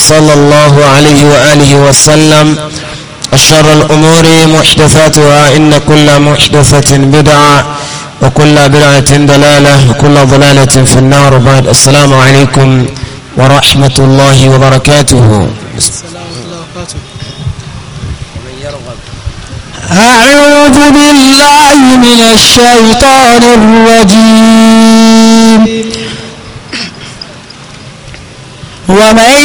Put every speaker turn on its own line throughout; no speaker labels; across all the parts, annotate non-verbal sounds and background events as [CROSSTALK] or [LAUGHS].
صلى الله عليه وآله وسلم الشر الأمور محدثاتها إن كل محدثة بدعة وكل بدعة ضلالة وكل ضلالة في النار بعد السلام عليكم ورحمة الله وبركاته
أعوذ بالله من الشيطان الرجيم ومن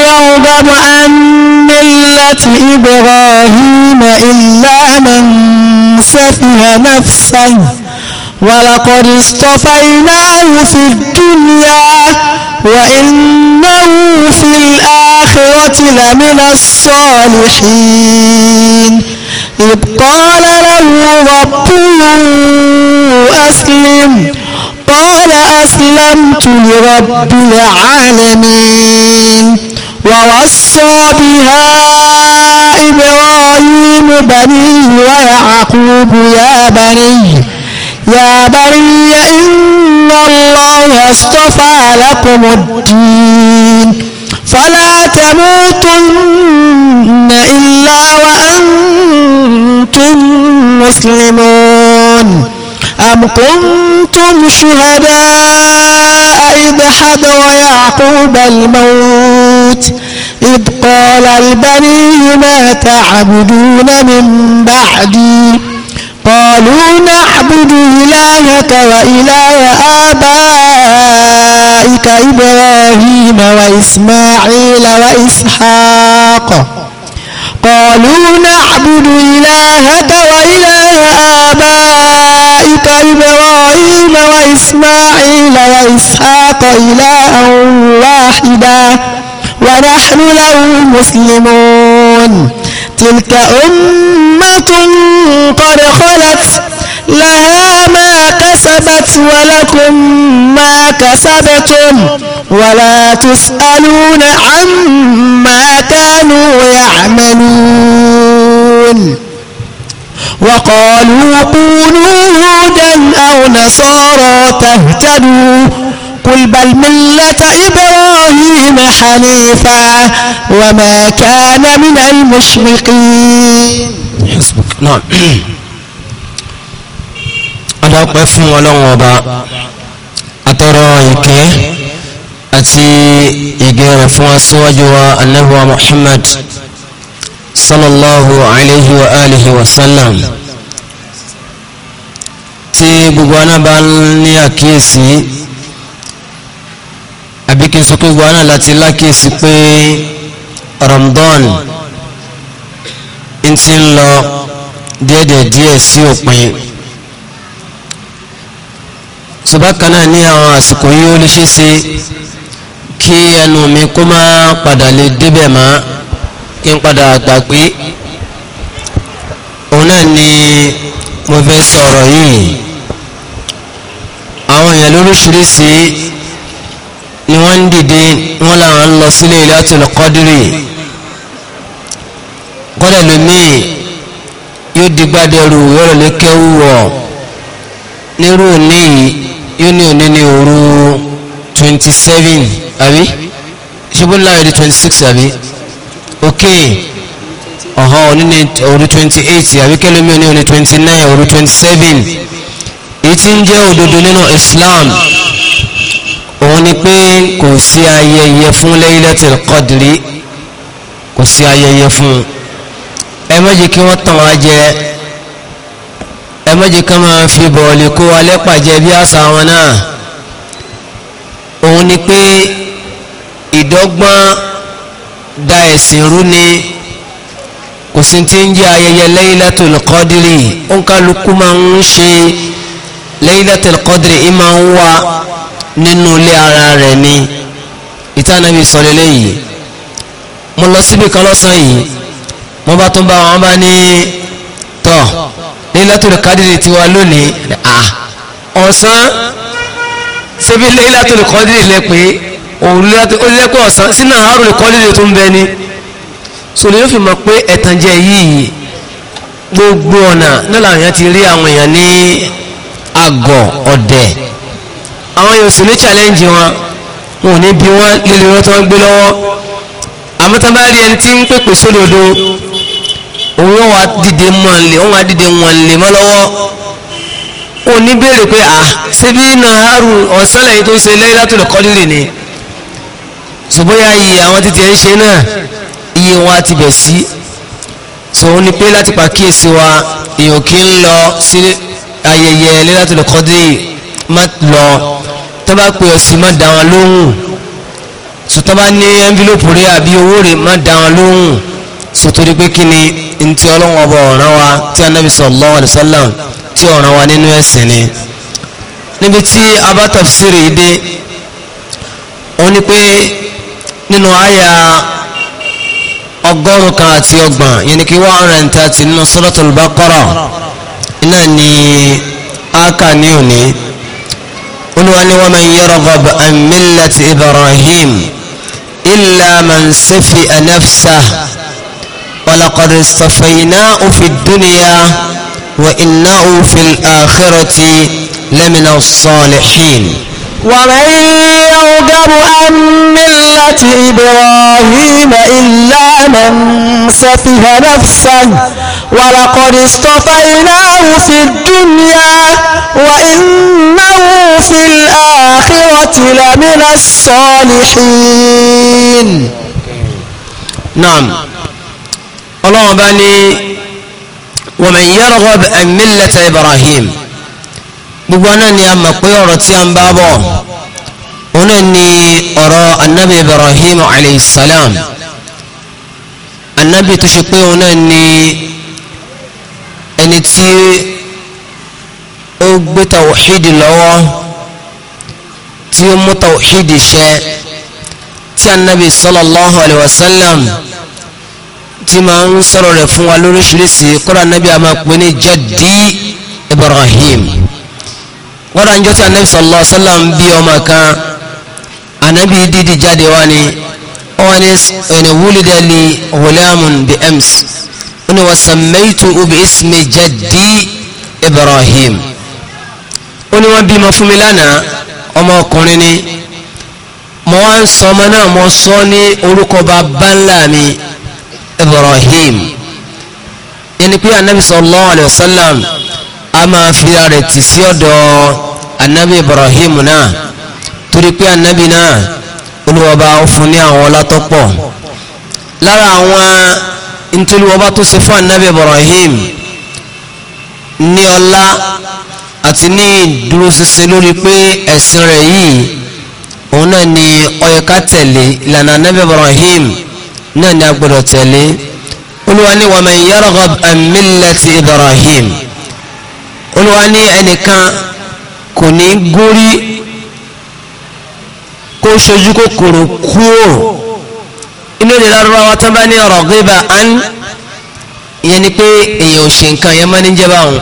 يرغب عن ملة إبراهيم إلا من سفه نفسه ولقد اصطفيناه في الدنيا وإنه في الآخرة لمن الصالحين إذ قال له ربه أسلم قال أسلمت لرب العالمين ووصى بها إبراهيم بنيه ويعقوب يا بني يا بني إن الله اصطفى لكم الدين فلا تموتن إلا وأنتم مسلمون أم كنتم شهداء إذ حضر يعقوب الموت إذ قال البني ما تعبدون من بعدي قالوا نعبد إلهك وإله آبائك إبراهيم وإسماعيل وإسحاق قالوا نعبد إلهك وإله وإبراهيم وإسماعيل وإسحاق إلها واحدا ونحن له مسلمون تلك أمة قد خلت لها ما كسبت ولكم ما كسبتم ولا تسألون عما كانوا يعملون وقالوا كونوا نصارى تهتدوا قل بل ملة إبراهيم حنيفا وما كان من المشرقين حسبك
نعم adápẹ́ fún ọlọ́run ọba atọ́rọ ìkẹ́ àti ìgẹ́ rẹ̀ fún aṣíwájú wa annabuwa muhammad sallallahu alaihi wa alihi wa sallam tí gbogbo aná bá ní àkíyèsí àbí kí n sọ pé gbogbo aná láti lákíyèsí pé Ramadan ń ti ń lọ díẹ̀díẹ̀ sí òpin ṣùgbọ́n náà ní àwọn àsìkò yìí ó lè ṣe é ṣe kí ẹnu mi kó má padà lè débẹ̀ mọ́ kí n padà gbàgbé òun náà ni mo fẹ́ sọ̀rọ̀ yìí àwọn èèyàn lóríṣiríṣi ni wọ́n ń dìde wọ́n làwọn ń lọ sílé Laylatul Qadri kọ́dà lómii yóò di gbádẹ́rù yọ̀rọ̀ lé kẹ́wù wọ̀ nírú òní yóò ní òní ní òru twenty seven àbí ṣubú ńlá rẹ̀ di twenty six àbí ok ọ̀hán òní ní òru twenty eight àbí kẹ́lómi òní òní twenty nine òru twenty seven èyí tí ń jẹ́ òdodo nínú Islam òun ni pé kò sí ayẹyẹ fún Laylatul Qadri kò sí ayẹyẹ fún ẹ má jẹ́ kí wọ́n tàn wá jẹ ẹ má jẹ́ ká fi bọ̀ọ̀lì kó wa lẹ́pàjẹ́ bí àṣà wọn náà òun ni pé ìdọ́gbọ́n da ẹ̀sìn rú ni kò sí ti ń jẹ́ ayẹyẹ Laylatul Qadri ó kálukú máa ń ṣe. Laylatul Qadri ima ń wá nínú ilé ara rẹ̀ ni ìtànàbí sọ̀rọ̀ eléyìí mo lọ síbi kan lọ́sàn yìí mo bá tún bá wọn bá ní tọ̀ Laylatul Qadri ti wá lónìí à ọ̀sán ṣebí Laylatul Qadri lẹ pé ọ̀sán sínú àárò Qadri tó ń bẹ ni sọ̀rọ̀ yóò fi mọ̀ pé ẹ̀tànjẹ yìí gbogbo ọ̀nà náà làwọn èèyàn ti rí àwọn èèyàn ní àgọ̀ ọ̀dẹ̀ àwọn yóò sì ní challenge wọn wọn ò ní bí wọn lílo wọn tó ń gbé lọ́wọ́ àmọ́ tó bá rí ẹni tí ń pèpè sódodo òun wà dìde mọ́ lè òun wà dìde wọn lè mọ́ lọ́wọ́ ò ní béèrè pé à síbí nàárù ọ̀sán lẹ́yìn tó ń ṣe Laylatul Qadri ni ṣùgbọ́n yà iye àwọn títí ẹ̀ ń ṣe náà iye wọn ti bẹ̀ sí so ó ní pé láti pàkíyèsí wa èèyàn kì í lọ sí ayẹyẹ Lailatul Qadri má lọ tó bá pè ọ sí má dá wọn lóhùn sòtọ́ bá ní envelope rẹ àbí owó rẹ má dá wọn lóhùn sòtòrí pé kí ni ntí ọlọ́run ọba ọ̀ràn wa tí anabi sallallahu alaihi wasallam tí ọ̀ràn wa nínú ẹ̀sìn ni níbi tí abá tafsiri dé ó ní pé nínú àyà ọgọ́rùn kan àti ọgbọ̀n yẹn ni kí one hundred and thirty nínú suratul Baqara iná ni aka ní òní olúwa ni wa man yarghab an millati ibrahim illa man safi'a nafsah wa laqad istafaynahu fi dunya wa innahu fil akhirati lamina ومن يرغب عن ملة إبراهيم
إلا من سفه نفسه ولقد اصطفيناه في الدنيا وإنه في الآخرة لمن الصالحين
نعم الله بني ومن يرغب عن ملة إبراهيم gbogbo náà ni a mọ̀ pé ọ̀rọ̀ tí a ń bá bọ̀ òun náà ni ọ̀rọ̀ anabi ibrahim aleyhisselam anabi tó ṣe pé òun náà ni ẹni tí ó gbé tawhidi lọ́wọ́ tí ó mú tawhidi ṣe tí anabi sallallahu alayhi wa sallam tí máa ń sọ̀rọ̀ rẹ̀ fún wa lóríṣiríṣi kóra anabi a máa pè ní jaddi ibrahim wọ́n rà ń jọ́ tí anabi sallallahu alaihi wasallam bí ọmọ kan anabi dídì jáde wá ni wọ́n ní ẹni wúlídẹ́ li ghulamun bi ems wọ́n ní wa sammaytu bi ismi jaddi ibrahim wọ́n ní wọ́n bímọ fún mi lánàá ọmọ ni mo wá ń sọ ọmọ náà mo sọ ní orúkọ bàbá ńlá mi ibrahim yẹn pé anabi sallallahu alaihi wasallam a máa fi rẹ̀ tì sí ọ̀dọ̀ anabi ibrahim náà torí pé anabi náà olùwọ́ba ó fún ní àwọn ọlá tó pọ̀ lára àwọn ntòlùwọ́ba tó ṣe fún anabi ibrahim ní ọlá àti ní ìdúróṣinṣin lórí pé ẹ̀sìn rẹ̀ yìí òun náà ni ó ká tẹ̀lé ìlànà anabi ibrahim náà ni a gbọ́dọ̀ tẹ̀lé olùwà ni wa man yarghab ibrahim olùwà ní ẹnìkan kò ní gúnrí kó sojú kòkòrò kúrò inú ìdè lárúbáwá tán bá ní ọ̀rọ̀ gbéba án ìyẹn ni pé èèyàn ò ṣe nǹkan yẹn má ní jẹ́ báwọn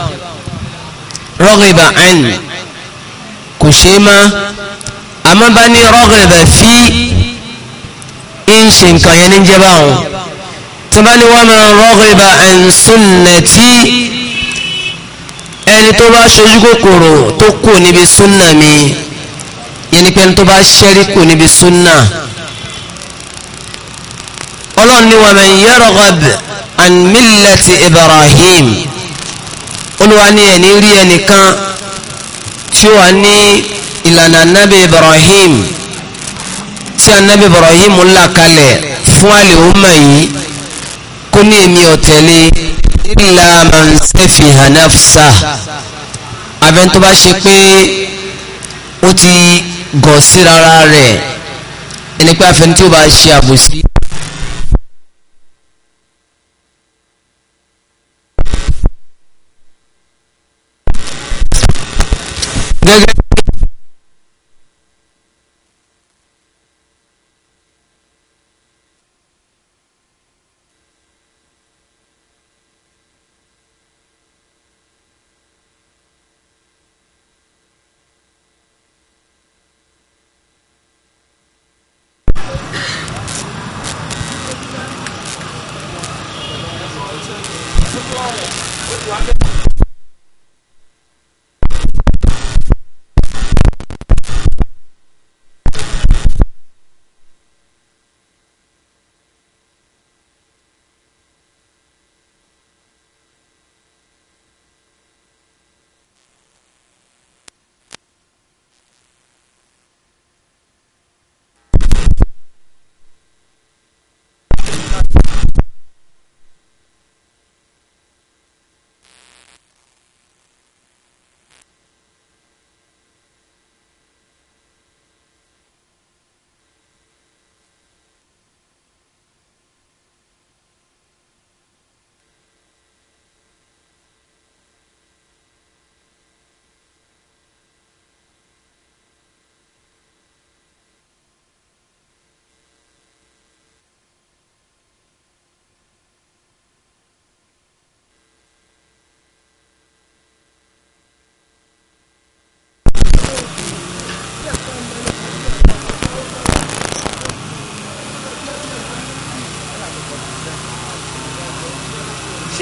rọ́gbéba án kò ṣe má àmọ́ bá ní rọ́gbéba fí ń ṣe nǹkan yẹn ní jẹ́ báwọn tán bá ní wọ́n máa rọ́gbéba án sunnati ẹni tó bá ṣojú kòkòrò tó kù níbi súnà mi yẹn ni pé ẹni tó bá ṣẹ́rí kù níbi súnà ọlọ́run ni wàmẹ̀ yarghab an millati Ibrahim olúwa ni ẹni rí ẹnìkan tí ó wà ní ìlànà anabi Ibrahim tí anabi Ibrahim ń là kalẹ̀ fún àlè ọmọ yìí kó ní èmi ọ̀tẹ̀lẹ̀ illa man fiha nafsa abẹ́ni tó bá ṣe pé ó ti gọ̀ sí rárá rẹ̀ ẹni pé afẹ́ni tí ó bá ṣe àbòsí.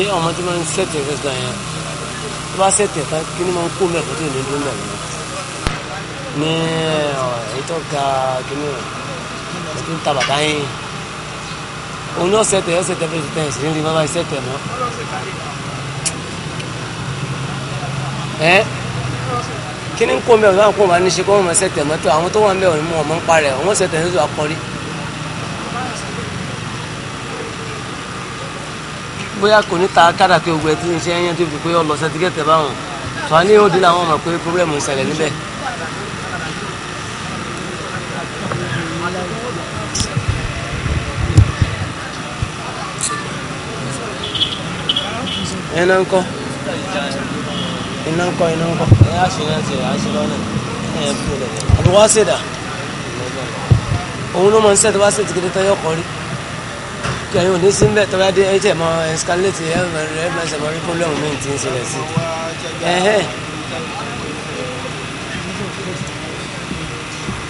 ṣé ọmọ tí máa ń sẹ́tì ẹ̀fẹ́ sọ̀rọ̀ yẹn tó bá sẹ́tì ẹ̀fẹ́ kí ni máa ń kó mẹ́ẹ̀kọ́ tó ní dúró mẹ́ẹ̀kọ́ ní ètò ga kíní ẹ̀ tó ń ta bàtà yín òun ní ọ̀sẹ̀ tẹ̀ ọ̀sẹ̀ tẹ̀ fẹ́ tẹ̀ sí ní bàbá iṣẹ́ tẹ̀ mọ́ ẹ́ kí ni ń kó mẹ́ẹ̀kọ́ tó àwọn kó máa ní ṣe kó wọ́n máa sẹ́tì ẹ̀mọ́tò àwọn tó wà mẹ́ẹ̀kọ́ ni mo mọ̀ ń parẹ́ wọ́n sẹ́tì ẹ̀ bóyá kò ní ta kádà pé ogun ẹ ti ń ṣe ẹyẹn tó fi pé ọ lọ sẹtíkẹtẹ báwọn tó a ní òde làwọn mọ̀ pé pírọblẹmù ń ṣẹlẹ̀ níbẹ̀. iná ń kọ́ iná ń kọ́ iná ń kọ́. ẹ á ṣe náà ṣe á ṣe lọ́nà ẹ ẹ bí o àbúrò wá ṣèdá òun ló mọ̀ ń ṣètò wá ṣètò kí ni tẹ́yọ̀ kọ́ rí. kẹyìn òní sí mbẹ tọ́ba dé ẹ̀jẹ̀ mọ ẹ̀skáléètì ẹ̀ ẹ̀ mẹsẹ̀ mọ rí pọ́lọ́mù mi ti ń ṣẹlẹ̀ sí ẹ̀hẹ́.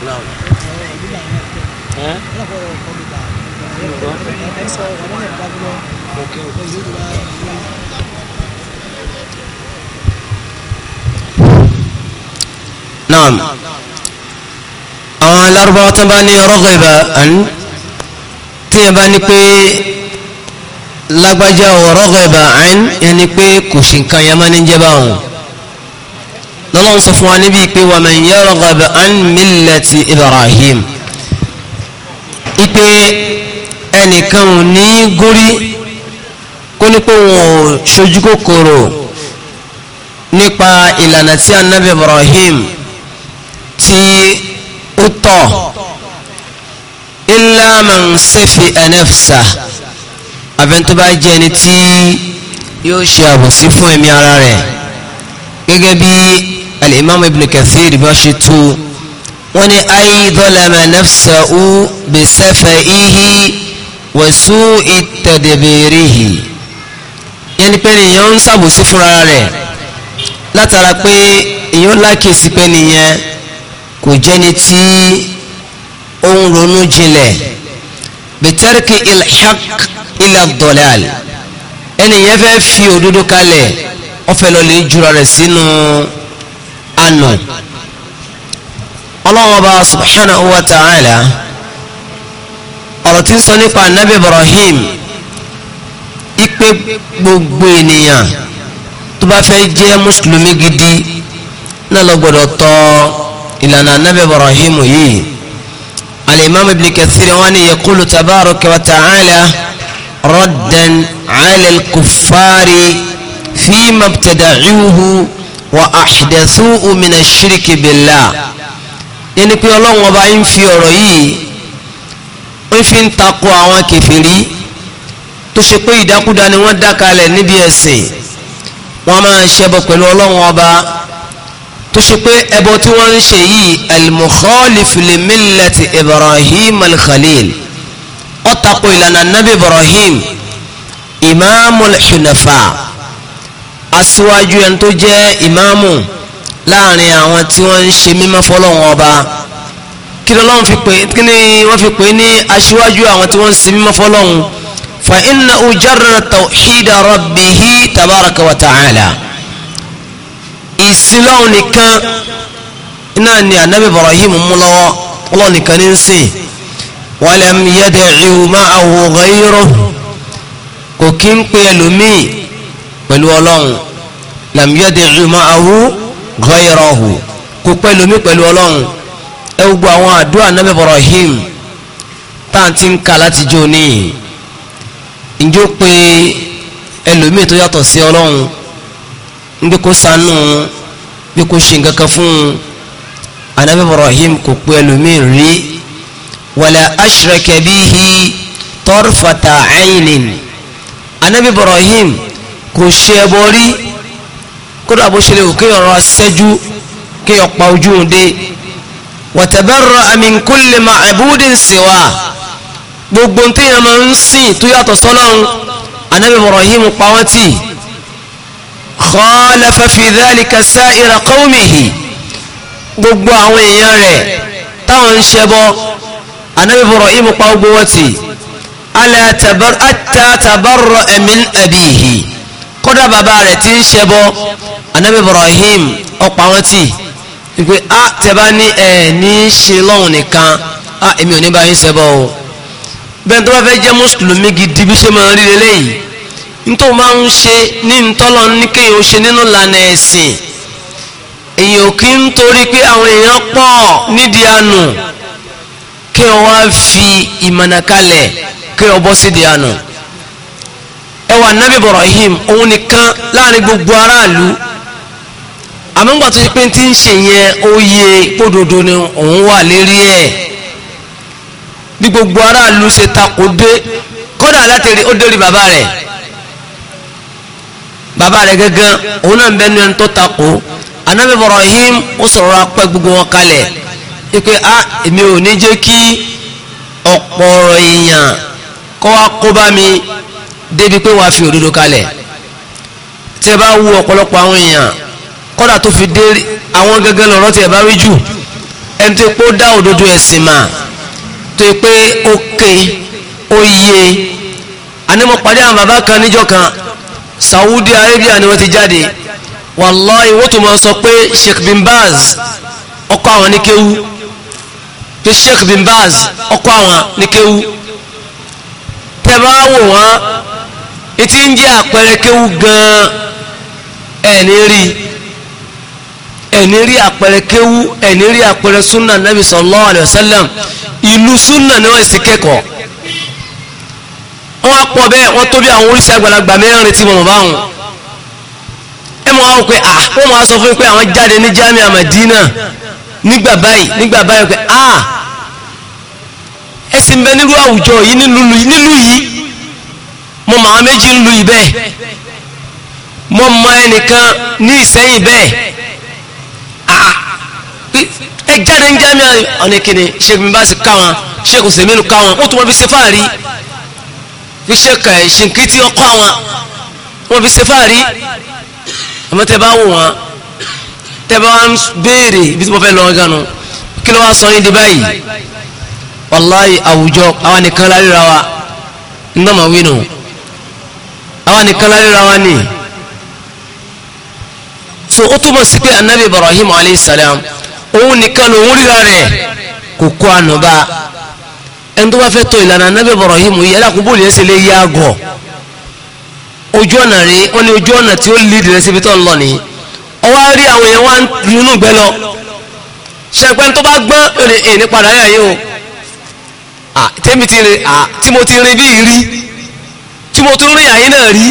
نعم àwọn alárúbáwá tó bá ní rọ́gìbà tíyẹn bá ní pé lágbájá ọ̀rọ̀ ọ̀gbẹ̀bà àìn yẹn ni pé kò sí nǹkan yẹn máa ní jẹ́ báwọn lọ́lọ́run sọ fún wa níbi pé wa man yarghabu an millati Ibrahim ipe ẹnìkan ò ní górí kó ní pé wọn ò ṣojú kòkòrò nípa ìlànà tí anabi Ibrahim tí ó tọ̀ illa man safiha nafsahu àfẹ́ntó bá jẹ́ ẹni tí yóò ṣe àbòsí fún ẹ̀mí ara rẹ̀ gẹ́gẹ́ bí al-imam ibn kathir bá ṣe tó wọ́n ní ay zalama nafsahu bi safahihi wa su'i tadbirihi yẹn ni pé nìyẹn ń ṣàbòsí fúnra rẹ̀ látara pé èèyàn lákèsí pé nìyẹn kò jẹ́ni tí ó ń ronú jinlẹ̀ bitarki ilhaq ila dolal ẹni yẹn fẹ́ fi òdodo kalẹ̀ ó fẹ́ lọ lè jura rẹ̀ sínú àná ọlọ́wọ́n ọba subhanahu wa ta'ala ọ̀rọ̀ tí ń sọ nípa nabi ibrahim ipe gbogbo ènìyàn tó bá fẹ́ jẹ́ mùsùlùmí gidi náà lọ gbọ́dọ̀ ìlànà nabi ibrahim yìí. الإمام ابن كثير وأن يقول تبارك وتعالى ردا على الكفار فيما ابتدعوه وأحدثوه من الشرك بالله يعني كي الله وبعين في رأيي وفين تقوى وكفري تشكو يدقو داني ودقى لنبي السين وما شبك الولون وبعين tó ṣe pé ẹbọ tí wọ́n ń ṣe yìí al-mukhalif li millati ibrahim al-khalil ó tako ìlànà nabi ibrahim imamul hunafa aṣíwájú ẹni tó jẹ́ imamu láàrin àwọn tí wọ́n ń ṣe mímọ́ fọlọ́wọn ọba kí ni wọ́n fi pè kí ni wọ́n fi pè ní aṣíwájú àwọn tí wọ́n ń ṣe mímọ́ fọlọ́wọn fa inna ujarra tawhida rabbihi tabaraka wa ta'ala ìsìlọ́hun nìkan náà ni anabi ibrahim mú lọ́wọ́ ọlọ́hun nìkan ní ń sìn walam yad'u ma'ahu ghayruhu kò kí ń pe ẹlòmíì pẹ̀lú ọlọ́hun lam yad'u ma'ahu ghayruhu kò pe ẹlòmíì pẹ̀lú ọlọ́hun ẹ gbogbo àwọn àdúrà anabi ibrahim tá ń ka láti jó níyì ǹjọ́ pé ẹlòmíì tó yàtọ̀ sí ọlọ́hun ń gbé kó sanu bí kó ṣe nǹkan kan fún anabi ibrahim kò pé ẹlòmíín rí wala ashraka bihi tarfata aynin anabi ibrahim kò ṣe ẹbọ rí kódà bó ṣe lè kó kéèyàn rọra ṣẹ́jú kéèyàn pa ojú òun dé wa tabarra'a min gbogbo ntẹ́yìn ń sìn tó yàtọ̀ sọ́lọ́run anabi ibrahim pa wọ́n tì í. خالف في ذلك sa'ira قومه gbogbo àwọn èèyàn rẹ̀ táwọn ń ṣẹbọ anabi Ibrahim pa gbogbo wọn ti ala tabar ata tabarra min abihi kódà bàbá rẹ̀ ti ń ṣẹbọ anabi Ibrahim ọ̀pọ̀ àwọn ti ìpè a tẹ̀bá ní ẹ̀ ní ṣe lọ́hùn nìkan a èmi ò ní bá yín ṣẹbọ o bẹ́ẹ̀ tó bá fẹ́ jẹ́ mùsùlùmí gidi bí ṣe máa rí lélẹ́yìí. tó máa ń ṣe ní ntọ́lọ́ ní ó ṣe nínú lànà ẹ̀sìn èyàn kì í torí pé àwọn èèyàn pọ̀ nídìí àánú kí fi ìmọ̀nà kí wọ́n bọ́ sídìí àánú ẹwà nabi Ibrahim òun nìkan gbogbo aráàlú àmọ́ngbà tó ṣe pé ń ṣe ni òun wà lérí ẹ̀ bí gbogbo aráàlú ṣe takò dé ó dérí bàbá bàbá rẹ̀ gángan òun náà ń bẹ́nu ẹni tó takò anabi Ibrahim ó sọ̀rọ̀ apẹ́ gbogbo wọn kalẹ̀ ipe a ah, èmi ò ní jẹ́ kí ọ̀pọ̀ ọ̀rọ̀ èèyàn kọ́ wa kó bá mi débi pé wàá fi òdodo kalẹ̀ tí ẹ bá wú ọ̀pọ̀lọpọ̀ àwọn èèyàn kọ́dà tó fi dé àwọn gángan lọ́rọ́ tí ẹ bá rí jù ẹni tó pé dá òdodo ẹ̀sìn mà tó pé ó ké ó yé anímọ̀ pàdé àwọn bàbá kan níjọ́ kan Saudi Arabia ni wọ́n ti jáde wàláyé wọ́n tó máa sọ pé Sheikh bin Baz ọkọ àwọn ní kéwú pé Sheikh bin Baz ọkọ àwọn ní kéwú tẹ bá wò wọ́n etí ń jẹ́ àpẹẹrẹ kéwú gan-an ẹ̀ní rí ẹ̀ní rí àpẹẹrẹ kéwú ẹ̀ní rí àpẹẹrẹ sunna nabi sallallahu alayhi wa sallam ìlú sunna ni wọ́n sì kẹ́kọ̀ọ́ wọ́n á pọ̀ bẹ́ẹ̀ wọ́n tó bí àwọn oríṣi àgbàlagbà mẹ́rin tí wọ́n bá wọn ẹ mọ̀ àwọn pé à ah, wọ́n mọ̀ á sọ fún pé àwọn jáde ní Jamiu Madina nígbà báyìí nígbà báyìí pé à ah, ẹ sì ń bẹ nílùú àwùjọ yìí nílùú yìí mo mọ̀ àwọn méjì ń lu yìí bẹ́ẹ̀ mo mọ̀ ẹnìkan ní Ìsẹ́yìn bẹ́ẹ̀ ah, ẹ jáde ní Jamiu ọ̀nìkìnnì ṣe kùnbá sí káwọn ṣe kùsèmínú káwọn ó tún wọ́n fi ṣe fáàrí fi ṣe kà ẹ̀ ṣe kí tí ọkọ àwọn wọ́n fi ṣe fáàrí àmọ́ tẹ́ bá wò wọ́n tẹ́ bá wọ́n béèrè bí tí mo fẹ́ lọ ganu kí ló wá sọ yín di báyìí wàláyé àwùjọ àwọn nìkan láríra wa ndọ́mọ̀ wínú àwọn nìkan láríra wa ni so ó túmọ̀ sí pé anabi ibrahim alayhi salam òun nìkan lòun ríra rẹ̀ kò kó ànú ẹni tó bá fẹ́ tọ̀ ìlànà anábẹ́ Ibrahim yìí ẹ̀dá kó bóòlù yẹn ṣe lè yá àgọ̀ ojú ọ̀nà rí wọ́n ní ojú ọ̀nà tí ó lè dìrẹ́ síbi tó ń lọ nìyí ọwọ́ rí àwọn èèyàn wá ń runú gbẹ lọ ṣẹpẹ́ tó bá gbọ́n èèní padà yà yín o tèmi ti rìn tí mo ti rìn bí rí tí mo tún rìn àyín náà rí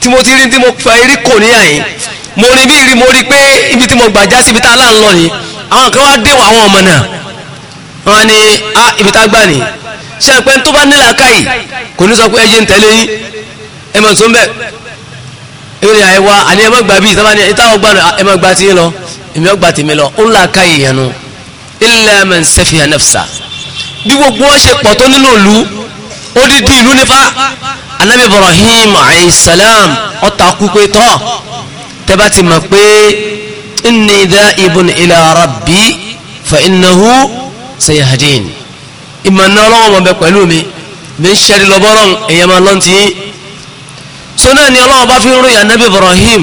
tí mo ti rìn tí mo fà rí kò ní àyín mo rìn bí rí mo rí pé ibi tí mo gbà já síbi tá a láà ń lọ nìyí àwọn kan wá dé àwọn ọmọ náà wọ́n ní a ah, ibi tá gbà ní ṣe pé tó bá nílà káyì kò ní sọ pé ẹjẹ ń tẹ̀lé yín ẹ mọ̀ tó ń bẹ̀ èmi ni àìwá àní ẹmọ gbà bíi sábà ní ìtawọ̀ gbà ẹmọ gbà tí ń lọ èmi ọgbà tèmi lọ ó ń là káyì yẹn nu illa man safiha nafsa bí gbogbo wọn ṣe pọ̀ tó nínú ìlú odidi ìlú nípa anabi Ibrahim alayhisalam ọ̀tà kúkú tọ́ tẹ́ ti mọ̀ pé inni dha'ibun ila rabbi fa innahu sayahdin ìmọ̀nà ọlọ́wọ́ mọ̀ bẹ pẹ̀lú mi mi ń ṣẹ́rí lọ bọ́rọ̀ èèyàn máa lọ́n ti yín so náà ni ọlọ́wọ́ bá fi ń ròyìn anabi ibrahim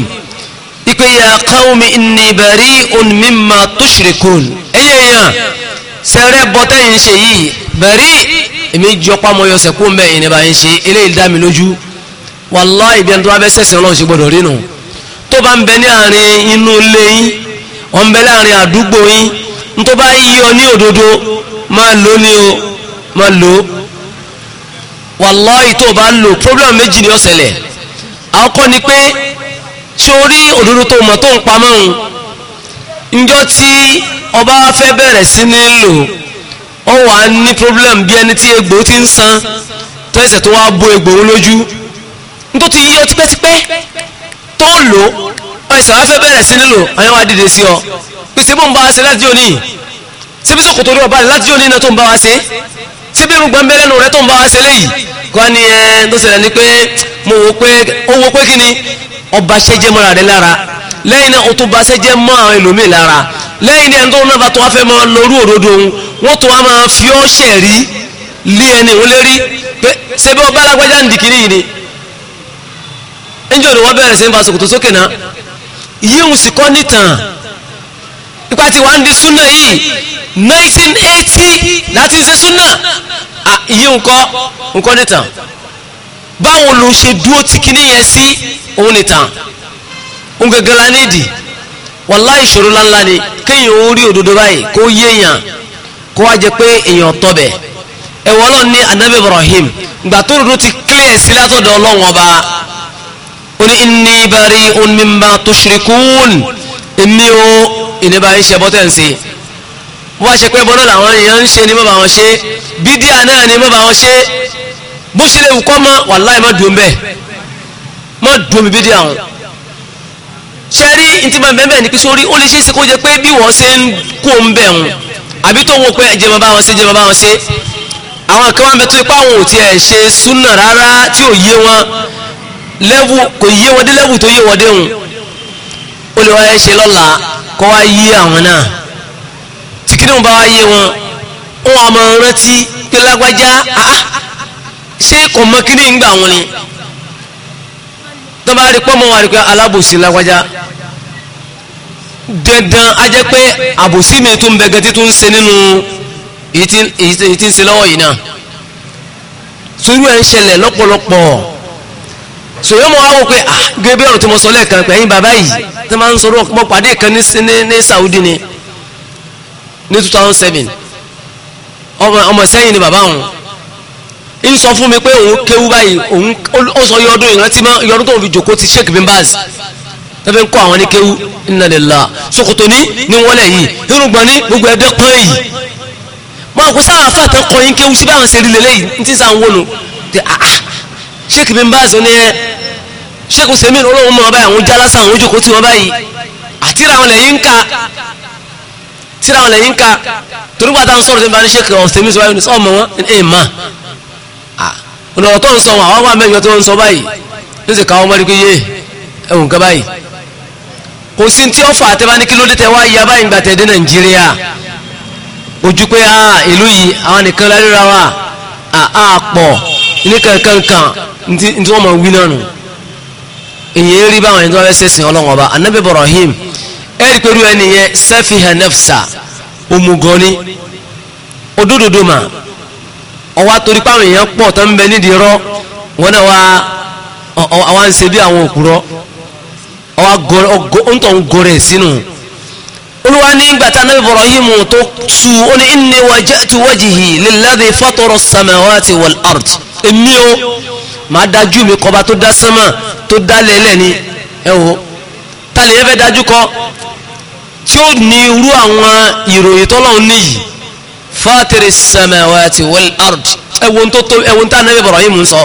ipe ya qawmi inni bari'un mimma tushrikun ẹ̀yẹ èèyàn sẹ́rẹ́ bọ́tẹ́ yìí ń ṣe yìí bari èmi jọ pamọ́ yọsẹ̀ kó mẹ́ ìní bá ń ṣe eléyìí dá mi lójú wallahi ibi ẹni tó bá fẹ́ sẹ̀sìn ọlọ́run ṣe gbọ́dọ̀ rí nù tó bá ń bẹ ní àárín inú ilé yín wọ́n ń bẹ láàrin àdúgbò yín tó bá yíyọ ní òdodo máa lò ní o máa lò wàláhì tó bá lò problem méjì ni ó ṣẹlẹ̀ àkọ́kọ́ ni pé ṣé o rí òdodo tó mọ̀ tó ń pamọ́ òun njọ́ tí ọba fẹ́ bẹ̀rẹ̀ sí ní lò ó wà ní problem bí ẹni tí egbò ti ń san tẹ́sẹ̀ tó wá bo egbò ń lójú tó ti yíyọ tipẹ́tipẹ́ tó lò ó ẹ̀sẹ̀ wá fẹ́ bẹ̀rẹ̀ sí ní lò ọ̀yẹ́ wá dìde sí ọ ṣe bó ń bá wa ṣe láti òní ṣe bí sòkòtò ní ọba rẹ̀ láti òní náà tó ń bá wa ṣe ṣe bí irúgbọ́n lẹ́nu rẹ̀ tó ń bá wa ṣe léyìí kọ́ ni ẹ tó ṣẹlẹ̀ ni pé mo wò pé ó wò pé kí ni ọba ṣe jẹ́ mọ́ra rẹ̀ lára lẹ́yìn náà ó tún bá ṣe jẹ́ mọ́ àwọn ẹlòmíì lára lẹ́yìn náà tó ń náà bá tó wá fẹ́ máa lọ orú òdodo wọn tó wá máa fi ọ́ ṣẹ̀rí lé ẹni òun lérí pé ṣe ọba alágbájá ń dìkìrí yìí ni níjọ́ ni wọ́n bẹ̀rẹ̀ sí ń ba sòkòtò sókè náà yíhun sì kọ́ nítàn ipa ti wà ń di súnà 1980 láti ṣe súnà iye nǹkan nǹkan nìtàn báwo ló ṣe dúró ti kini yẹn sí òun nìtàn òun gẹ́gẹ́ la nídìí wàlá ìṣòro ńláńlá ni kéèyàn ó rí òdodo báyìí kó yéèyàn kó wá jẹ pé èèyàn tọbẹ̀ ẹ̀wọ̀n ọlọ́run ní anabi ibrahim gbà tó dodo ti clear sí látọ̀dọ̀ ọlọ́run ọba ó ní bari omi mba tushrikun èmi o ìníbà ń ṣe bọ́tẹ̀ ń ṣe wọ́n ṣe pé bọ́lọ́ làwọn èèyàn ń ṣe ní mọ́bà wọn ṣe bídíà náà ní mọ́bà wọn ṣe bó ṣe lè wùkọ́ mọ́ wàláì mọ́ dùn bẹ́ẹ̀ mọ́ dùn mi bídíà wọn ṣe rí ntí máa bẹ́ẹ̀ ní kí sórí ó lè ṣe é ṣe kó jẹ pé bí wọ́n ṣe ń kó ń bẹ̀ wọn àbí tó wọ́n pé ẹ̀jẹ̀ mọ́ bá wọn ṣe ẹ̀jẹ̀ mọ́ bá wọn ṣe àwọn kan wá ń ipá wọn ò tiẹ̀ ṣe súnà rárá tí ò yé wọn lẹ́wù kò yé wọn dé lẹ́wù tó yé wọn dé wọn ó lè wá ẹ ṣe lọ́la kọ́ wá yé àwọn náà tí kí ni wọ́n bá wá yé wọn wọn àmọ́ rántí pé lágbájá àá ṣé kò mọ kí ni ń gbà wọn ni tó bá rí pọ́nmọ́ wọn rí pé alábòsí lágbájá dandan a jẹ́ pé àbòsí mi tó bẹ gẹ́tí tó ṣe nínú èyí tí ń ṣe lọ́wọ́ yìí náà sórí ẹ̀ ń ṣẹlẹ̀ lọ́pọ̀lọpọ̀ so yóò mọ̀ wá wọ́n pé ah gẹ́gẹ́ bí ọ̀rọ̀ tí mo sọ lẹ́ẹ̀kan pé ẹ̀yin bàbá yìí tí wọ́n máa ń sọ̀rọ̀ mọ́ pàdé kan ní ní Saudi ni ní two thousand seven ọmọ sẹ́yìn ni bàbá òun ń sọ fún mi pé òun kéwú báyìí òun ó sọ yọ ọdún ìrántí mọ́ yọ ọdún tó fi jòkó ti Sheikh bin Baz tẹ́fẹ́ ń kọ́ àwọn ní kéwú inna lillah sokoto ní ní wọ́lẹ̀ yìí irúgbọ́n ní gbogbo ẹ̀dẹ́ pọ́n yìí mọ́ àkó sáà fàtẹ́ kọ́ yín kéwú síbáwọn ṣe rí lélẹ́yìí ní tí sáà ń wọ́nu ah, ah. Sheikh bin Baz ní ẹ́ ṣẹ́kù sẹ́mìn olóhùn mọ́ báyìí àwọn jálásà àwọn ojókòó tí wọ́n báyìí àtìrà àwọn lẹ́yìn ń ka tíra àwọn lẹ́yìn ń ka torí pàtà ń sọ̀rọ̀ tí bá ní ṣe kàn sẹ́mìn sọ báyìí ọmọ wọn ẹ̀ mà ọ̀nà tó ń sọ wọn àwọn wà mẹ́jọ tó ń sọ báyìí ní sì káwọn mọ́rí pé yé ẹ̀wùn ká báyìí kò sí tí ó fà kí ló dé tẹ́ wá ya báyìí gbà tẹ́ dé Nàìjíríà ojú pé ìlú yìí àwọn nìkan láríra wa àpọ̀ ní kankan kan tí wọ́n mọ̀ wí náà nù èyí rí báwọn ẹni tó fẹ́ sẹ́sìn ọlọ́wọ́n ọba anabi ibrahim ẹ rí pẹ̀lú ẹni yẹn sẹ́fìhàn nẹ́fṣà òmùgọ́ni òdòdòdò mà ọwọ́ àtòrí pàwọn èèyàn pọ̀ tó ń bẹ nídìí rọ wọn náà wá àwọn ń ṣe bí àwọn òkúrọ ọwọ́ ntọ̀ ń gọrẹ sínú olúwa ní ìgbà anabi ibrahim tó tu ó ní inni wajjahtu wajhi lilladhi fatara samawati wal ard èmi o màá dájú mi kọba tó dá sánmà tó dálẹ̀ ẹlẹ́ ni ẹ wò ta lè yẹ fẹ́ dájú kọ tí ó ní irú àwọn ìròyìn tọ́lọ́hún níyì fátìrì samawati wal ard ẹ wo ń tó tó ẹ wo ń tá Ànábì Ibrahim ń sọ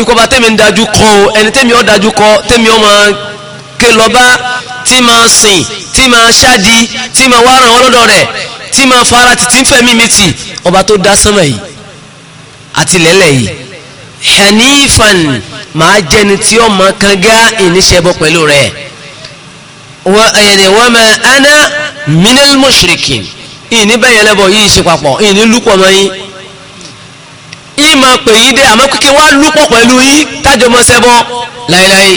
ìkọba tẹ́mi ń dájú kọ o ẹni tẹ́mi ọ́ dájú kọ tẹ́mi ọ́ máa ké lọ́ba tí máa sìn tí máa ṣáàdì tí máa wá ràn wọ́n rẹ̀ tí máa fara títí ń fẹ̀mí mi tì ọba tó dá sánmà yìí àti yìí hanifan màá jẹni tí ó mọ kanga ìníṣẹ́bọ pẹ̀lú rẹ̀ wọ́n ẹ̀yẹ̀dẹ̀ wọ́n mọ ana minal mushrikin ìní bẹ́yẹn lẹ́bọ̀ yìí ṣe papọ̀ ìní lúpọ̀ mọ́ yín yìí máa pè yí dé àmọ́ kíkẹ́ wá lúpọ̀ pẹ̀lú yín tájọ mọ́ ṣẹbọ láíláí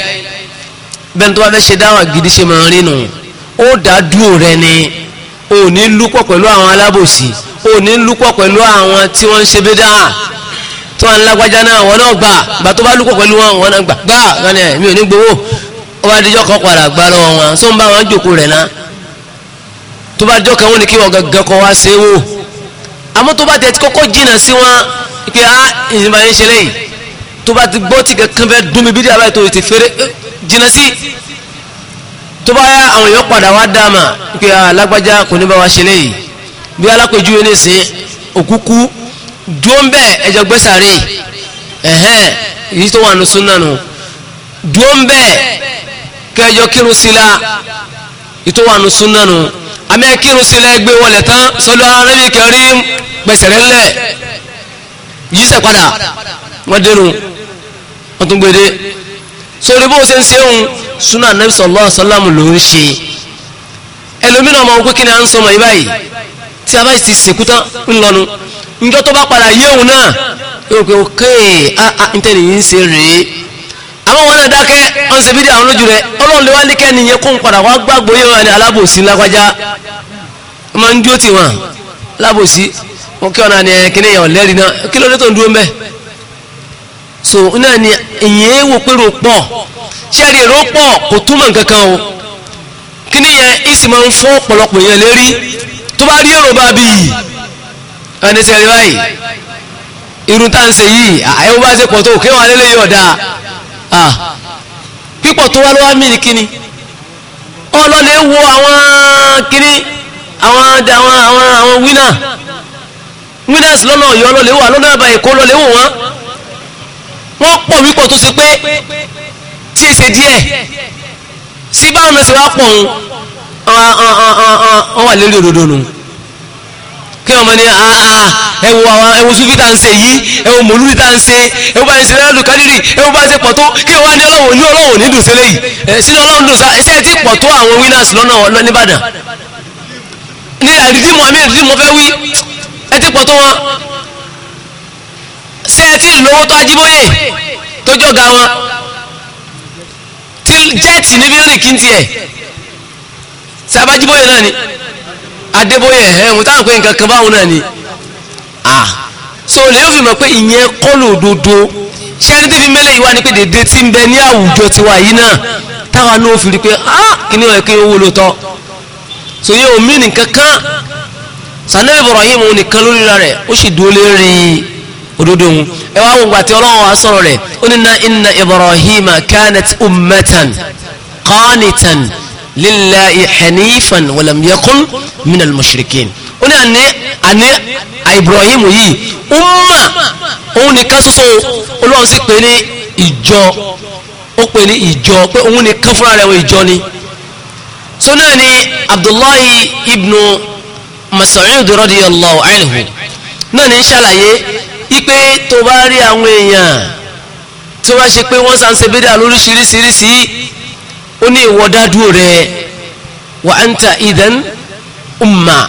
bẹ́ẹ̀ tó bá fẹ́ ṣe dáhùn gidi ṣe máa rí nù ó dá dúró rẹ ni ò ní lúpọ̀ pẹ̀lú àwọn alábòsí ò ní lúpọ̀ pẹ̀lú àwọn tí wọ́n ń ṣe bí dáhà tó wà ńlágbájá náà wọn náà gbà gbà tó bá lúkọ̀ pẹ̀lú wọn wọn náà gbà gbà gani ẹ̀ mi ò ní gbowó ó bá dijọ́ kan padà gbà lọ́wọ́ wọn sọ ń bá wọn jòkó rẹ̀ náà tó bá dijọ́ kan wọn ni kí wọn gangan kọ wá ṣe é wò àmọ́ tó bá tẹ̀ kọ́kọ́ jìnnà sí wọn pé á ìyìnbá yẹn ṣe lẹ́yìn tó bá ti gbọ́ tí kankan fẹ́ dún mi bí díẹ̀ báyìí tó ti fẹ́rẹ́ eh, jìnnà sí tó bá yá àwọn èèyàn padà wá dáa mà pé alágbájá ah, kò ní bá wa ṣe lẹ́yìn bí alápèjúwe ní sìn òkúkú dúó ń bẹ́ẹ̀ ẹjọ́ gbé sàárè ẹ̀hẹ́n èyí tó wà ní súnà nù dúó ń bẹ́ẹ̀ kẹjọ kírun sí la èyí tó wà ní súnà nù àmì kírun sí la ẹgbẹ́ wọlé tán sọlọ arábí kẹrin gbèsèrè ńlẹ̀ yíṣẹ́ padà wọ́n dénú wọ́n tún gbèdé sórí bó ṣe ń ṣe ń súnà nẹ́bí sallallahu alaihi wasallam ló ń ṣe ẹlòmínà ọmọ òkú kí ni à ń sọmọ yìí tí a bá ti sèkú tán ńlọnu njọ́ tó bá padà yéhùn náà yóò pé ok yìí ń se rèé àwọn wọn náà dákẹ́ ọ̀n ṣe fídíò àwọn ọlọ́run lè wá ní kẹ́ni kó ń padà wá gbàgbọ́ yẹn wọn ni alábòsí lágbájá ọmọ ń dúró tiwọn alábòsí wọn kí ọ̀nà ni náà kí tó ń dúró so náà ni ìyẹn wò pé ro pọ̀ ṣẹ́ẹ̀rì ro pọ̀ kò túmọ̀ tó bá rí èrò bá bí i ẹni sẹ́rí báyìí irun tá ń ṣe yìí àyẹ̀wò bá ṣe pọ̀ tó kí wọ́n alẹ́lẹ́ yọ̀ dáa pípọ̀ tó wá ló wá mí ní kíni ọlọ́lẹ̀ wo àwọn kíní àwọn àwọn àwọn àwọn wínà winners lọ́nà ọ̀yọ́ ọlọ́lẹ̀ wà lọ́nà àbá èkó lọ́lẹ̀ wò wọ́n wọ́n pọ̀ wípọ̀ tó ṣe pé tí èsè díẹ̀ sí báwọn mẹ́sẹ̀ wá pọ̀ òun wọ́n wà lérí òdodo nù kí ọmọ ní àà ah, ah, ah, ẹwọ àwọn ẹwọ súfí tá ń ṣe yìí ẹwọ mòlúrí tá ń ṣe ẹwọ bá ń ṣe lẹ́lẹ́dù kádìrì ẹwọ bá ń ṣe pọ̀ tó kí wọ́n ní ọlọ́wọ̀ ní ọlọ́wọ̀ ní dùn sílẹ̀ yìí sínú ọlọ́wọ̀ dùn sá ẹsẹ̀ tí pọ̀ àwọn winners lọ́nà ọ̀nà nìbàdàn ní àdìdí mọ̀ àmì àdìdí mọ̀ fẹ́ wí ẹ ti pọ̀ tó wọn ṣé ẹ ti lówó tó ajíbóyè tó jọ̀gá wọn tí jẹ́ẹ̀tì ní bílíọ̀nì kí n tiẹ̀ ṣe abájíbóyè náà ni adébóyè ẹ̀hẹ́ mo táwọn pé nǹkan kan báwọn náà ni ah so lè yóò fi mọ̀ pé ìyẹn kọ́lù òdodo ṣé ẹni tẹ́bi mẹ́lẹ̀ yìí wá ní pé dèdè ti ń bẹ ní àwùjọ tiwa yìí náà táwa náà fi rí pé ah kíní ọ̀ kí owó ló tọ́ so yẹ omi nìkan kan sanabi Ibrahim òun nìkan lórí rẹ̀ ó sì dúró lérí òdodo òun ẹ wá wọn gbà tí ọlọ́run wa sọ̀rọ̀ rẹ̀ ó ní na inna Ibrahim kanat ummatan qanitan lillahi hanifan walam yakun minal mushrikin ó ní àní àní Ibrahim yìí umma òun nìkan ṣoṣo Ọlọ́run sì pè ní ìjọ ó pè ní ìjọ pé òun nìkan fúnra rẹ̀ wọ ìjọ ni so náà ni Abdullahi ibnu Mas'ud radiyallahu anhu náà ní ṣàlàyé ipe tó bá rí àwọn èèyàn tó bá ṣe pé wọ́n sá ń ṣe bídà lóríṣiríṣiríṣi ó ní ìwọ dádúró rẹ wa anta idan umma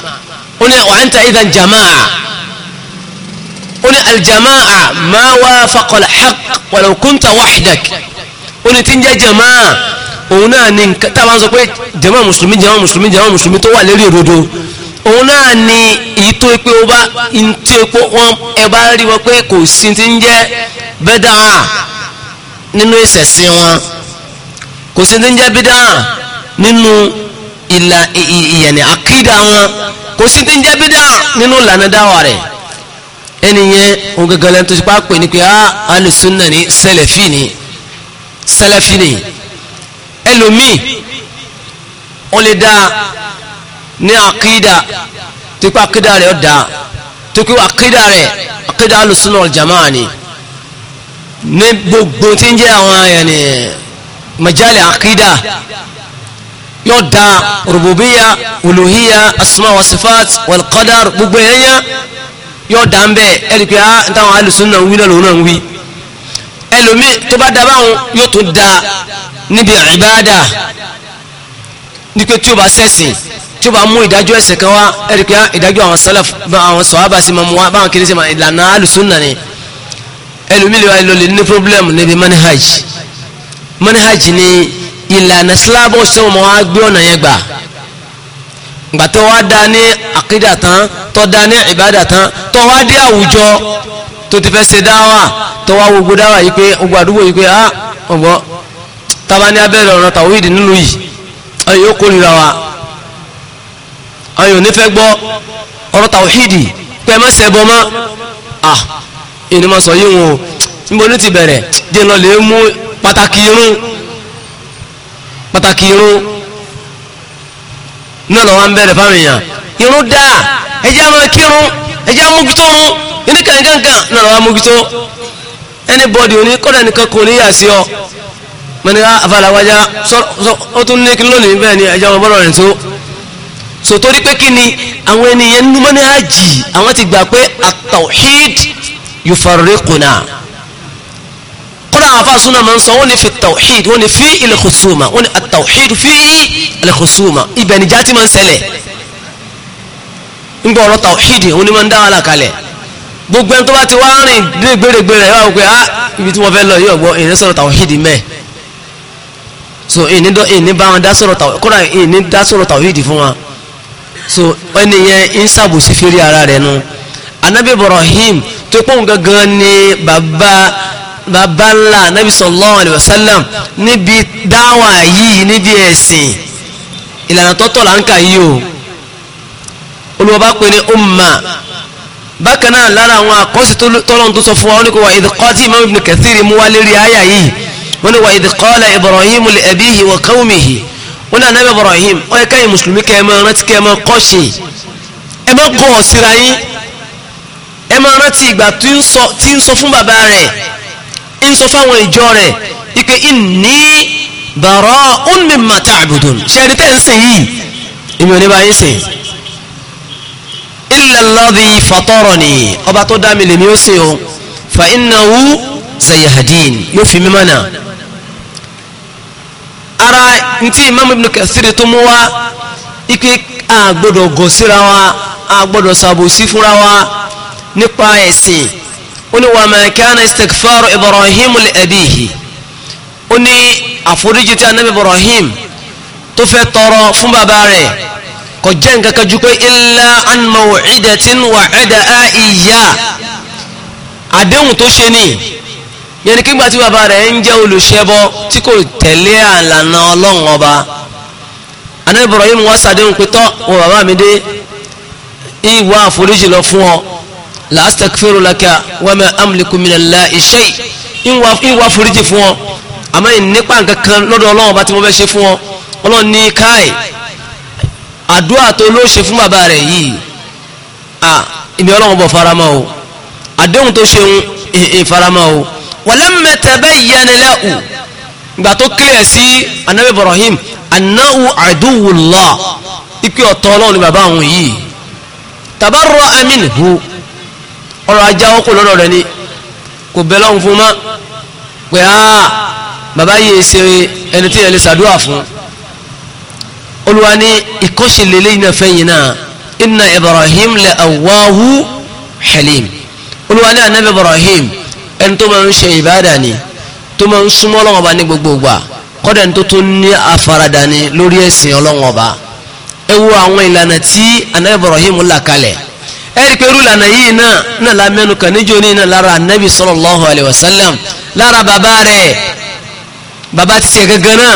ó ní wa anta idan jama'a ó ní aljama'a ma wafaqa alhaq walau kunta wahdak ó ní tí ń jẹ́ jama'a òun náà ni tábà ń sọ pé jama'a mùsùlùmí jama'a mùsùlùmí jama'a mùsùlùmí tó wà lérí òdodo òun náà ni èyí tó pé ó bá ń tó pé wọ́n ẹ bá rí wọn pé kò sí ti ń jẹ́ bẹ́dà nínú ìṣẹ̀sìn wọn kò sí ní jẹ́ bídá nínú ìlà ìyẹ̀nì àkídà wọn kò sí ní jẹ́ bídá nínú ìlànà dáwà rẹ̀ ẹnìyẹn òun tó ti pa pè ní pé alùsùnà ní sẹlẹ̀fì ní sẹlẹ̀fì ní ẹlòmíì ó lè dá ní àkídà tó pa àkídà rẹ̀ ó dá tó pé àkídà rẹ̀ àkídà alùsùnà ọ̀jàmáà ni ní gbogbo tí ń jẹ́ àwọn ẹ̀yẹ̀ majali akida yóò da rububiya uluhiya asma wa sifat wal qadar gbogbo ẹ̀yẹ́yẹ́ yóò da ń bẹ́ ẹ̀rí pé ah táwọn alùsùnà ń wí náà lòun náà ń wí ẹlòmí tó bá dábàá wọn yóò tún da níbi ìbáadà ní pé tí o bá sẹ́sìn tí o bá mú ìdájọ́ ẹ̀sẹ̀ kan wá ẹ̀rí pé ah, ìdájọ́ àwọn sálàf àwọn sọ̀hábà sí máa mú wá báwọn kìíní sí máa ìlànà alùsùnà ni ẹlòmí lè wá lọ ní problem níbi manhaj manhaj ni ìlànà sílábọ̀ ṣẹ́wọ̀n mọ́ wá gbé ọ̀nà yẹn gbà gbà tó wá da ní àkídà tán tó da ní ìbádà tán tó wá dé àwùjọ tó ti fẹ́ ṣe dáwà tó wá gbogbo dáwà yìí pé gbogbo àdúgbò yìí pé ah ọ̀gbọ́n tábà ní abẹ́rẹ́ ọ̀ràn tàwíìdì nílùú yìí ọ̀yọ́ kórìíra wa ọ̀yọ́ nífẹ̀ẹ́ gbọ́ ọ̀rọ̀ tàwíìdì pé má ṣẹbọ ah ìní ma sọ yìí wọn o níbo pàtàkì irun pàtàkì irun náà lọ́wọ́ ń bẹ̀rẹ̀ fáwọn èèyàn irun dáa ẹjẹ́ àmọ́ kírun ẹjẹ́ àmójútó run ní kànkankan náà lọ́wọ́ àmójútó anybody oní kọ́dà nìkan kò ní yà sí ọ mẹ́ni afalawaja ah, ó tún ní kí lónìí bẹ́ẹ̀ ni ẹjẹ́ ọmọ bọ́lọ̀ rẹ̀ tó so pé kí ni àwọn ènìyàn ní mọ́ni àjì àwọn ti gbà pé at-tawhid yufarriquna kọ́dà àwọn afáàsùn náà máa ń sọ wọ́n ní fi tawhid wọ́n ní fi ilẹ̀ kòsùmà wọ́n ní àtàwhid fi ilẹ̀ kòsùmà ibẹ̀ nìjà tí máa ń ṣẹlẹ̀ ń gbọ́ ọ̀rọ̀ tawhid òun ni máa ń dá wàhálà kalẹ̀ gbogbo ẹni tó bá ti wá rìn gbèrègbèrè rẹ̀ wọ́n ah ibi tí wọ́n fẹ́ lọ yóò gbọ́ ìní sọ̀rọ̀ tawhid mẹ́ so ìní dọ́ ìní bá wọn dá sọ̀rọ̀ tawhid kọ́dà ìní dá sọ̀rọ̀ tawhid fún wa so ẹni yẹn ń ṣàbòsí fèrè ara rẹ̀ nu anabi Ibrahim tó pọ́n gangan ni bàbá bàbá ńlá anabi sallallahu alayhi wa sallam níbi dáwà yìí níbi ẹ̀sìn ìlànà tọ́tọ̀ là ń kà yìí o olùwà bá pè ní umma bákan náà lára àwọn àkọ́sí tọ́lọ́n tó sọ fún wa wọn ni kò wà ìdíkọ́tì imam ibn kathir mú wá lérí àyà yìí wọn ni wà ìdíkọ́lá ibrahim li abihi wa qawmihi wọn ni anabi ibrahim ó yẹ káyìn mùsùlùmí kẹ́ ẹ máa rántí kẹ́ ẹ máa kọ́ ẹ máa kọ́ ọ̀ síra yín ẹ máa rántí ìgbà tí ń sọ fún bàbá rẹ̀ ń sọ fáwọn ìjọ rẹ̀ ike inni bara'un mimma ta'budun ṣẹ́ni tẹ́ ń sìn yìí èmi ò ní bá yín sìn illa alladhi fatarani ọba tó dá mi lèmi ó sìn o fa innahu sayahdin yóò fi mímọ́ náà ara ntí imam ibn kathir tó mú wa ike a gọ̀ síra wa a gbọ́dọ̀ fúnra wa nípa ẹ̀sìn ó ní wa ma kana istikfaru ibrahim al-adihi ó ní àforíjì tí anabi ibrahim tó fẹ́ tọrọ fún bàbá rẹ̀ kò jẹ́ nǹkan kan ju pé illa an maw'idatin wa'adaha iya àdéhùn tó ṣe ní yẹn ni kígbà tí bàbá rẹ̀ ń jẹ́ olùṣẹbọ tí kò tẹ̀lé àlànà ọlọ́run ọba anabi ibrahim wá sàdéhùn pé tọ́ wọ bàbá mi dé ìwà àforíjì lọ fún ọ la astaghfiru laka wa ma amliku minallahi shay in wa foríjì fún ọ àmọ́ ìnípa nǹkan kan lọ́dọ̀ ọlọ́run bá tí mo fẹ́ ṣe fún ọ ọlọ́run ní káì àdúrà tó ló ṣe fún bàbá rẹ̀ yìí à ìmì ọlọ́run bọ̀ farama o àdéhùn tó ṣe ń farama o walamma tabayyana lahu ìgbà tó kílẹ̀ sí anabi Ibrahim annahu aduwullah ipe ọ̀tọ̀ ọlọ́run ni bàbá òun yìí tabarra'a minhu ọ̀rọ̀ ajá ó lọ́rọ̀ rẹ̀ ni kò bẹ́ lọ́hùn fún mọ́ pé á bàbá yìí ṣe ẹni tí ẹni ṣàdúrà fún olúwa ní ìkọ́ṣe iná fẹ́yìn náà inna ibrahim la awwahu halim olúwa ní anabi ibrahim ẹni tó máa ń ṣe ìbáàdà ni tó máa ń súnmọ́ Ọlọ́hun Ọba ní gbogbo ìgbà kọ́dà ní tó tó ní àfaradà lórí ẹ̀sìn Ọlọ́hun Ọba àwọn ìlànà tí anabi ibrahim là kalẹ̀ ẹ̀ríkẹ́rù lànà yìí náà náà la mẹ́nu kàn níjó ní náà lára anabi sallallahu alayhi wa sallam lára bàbá rẹ̀ bàbá ti tiẹ̀ gẹ́gẹ́ náà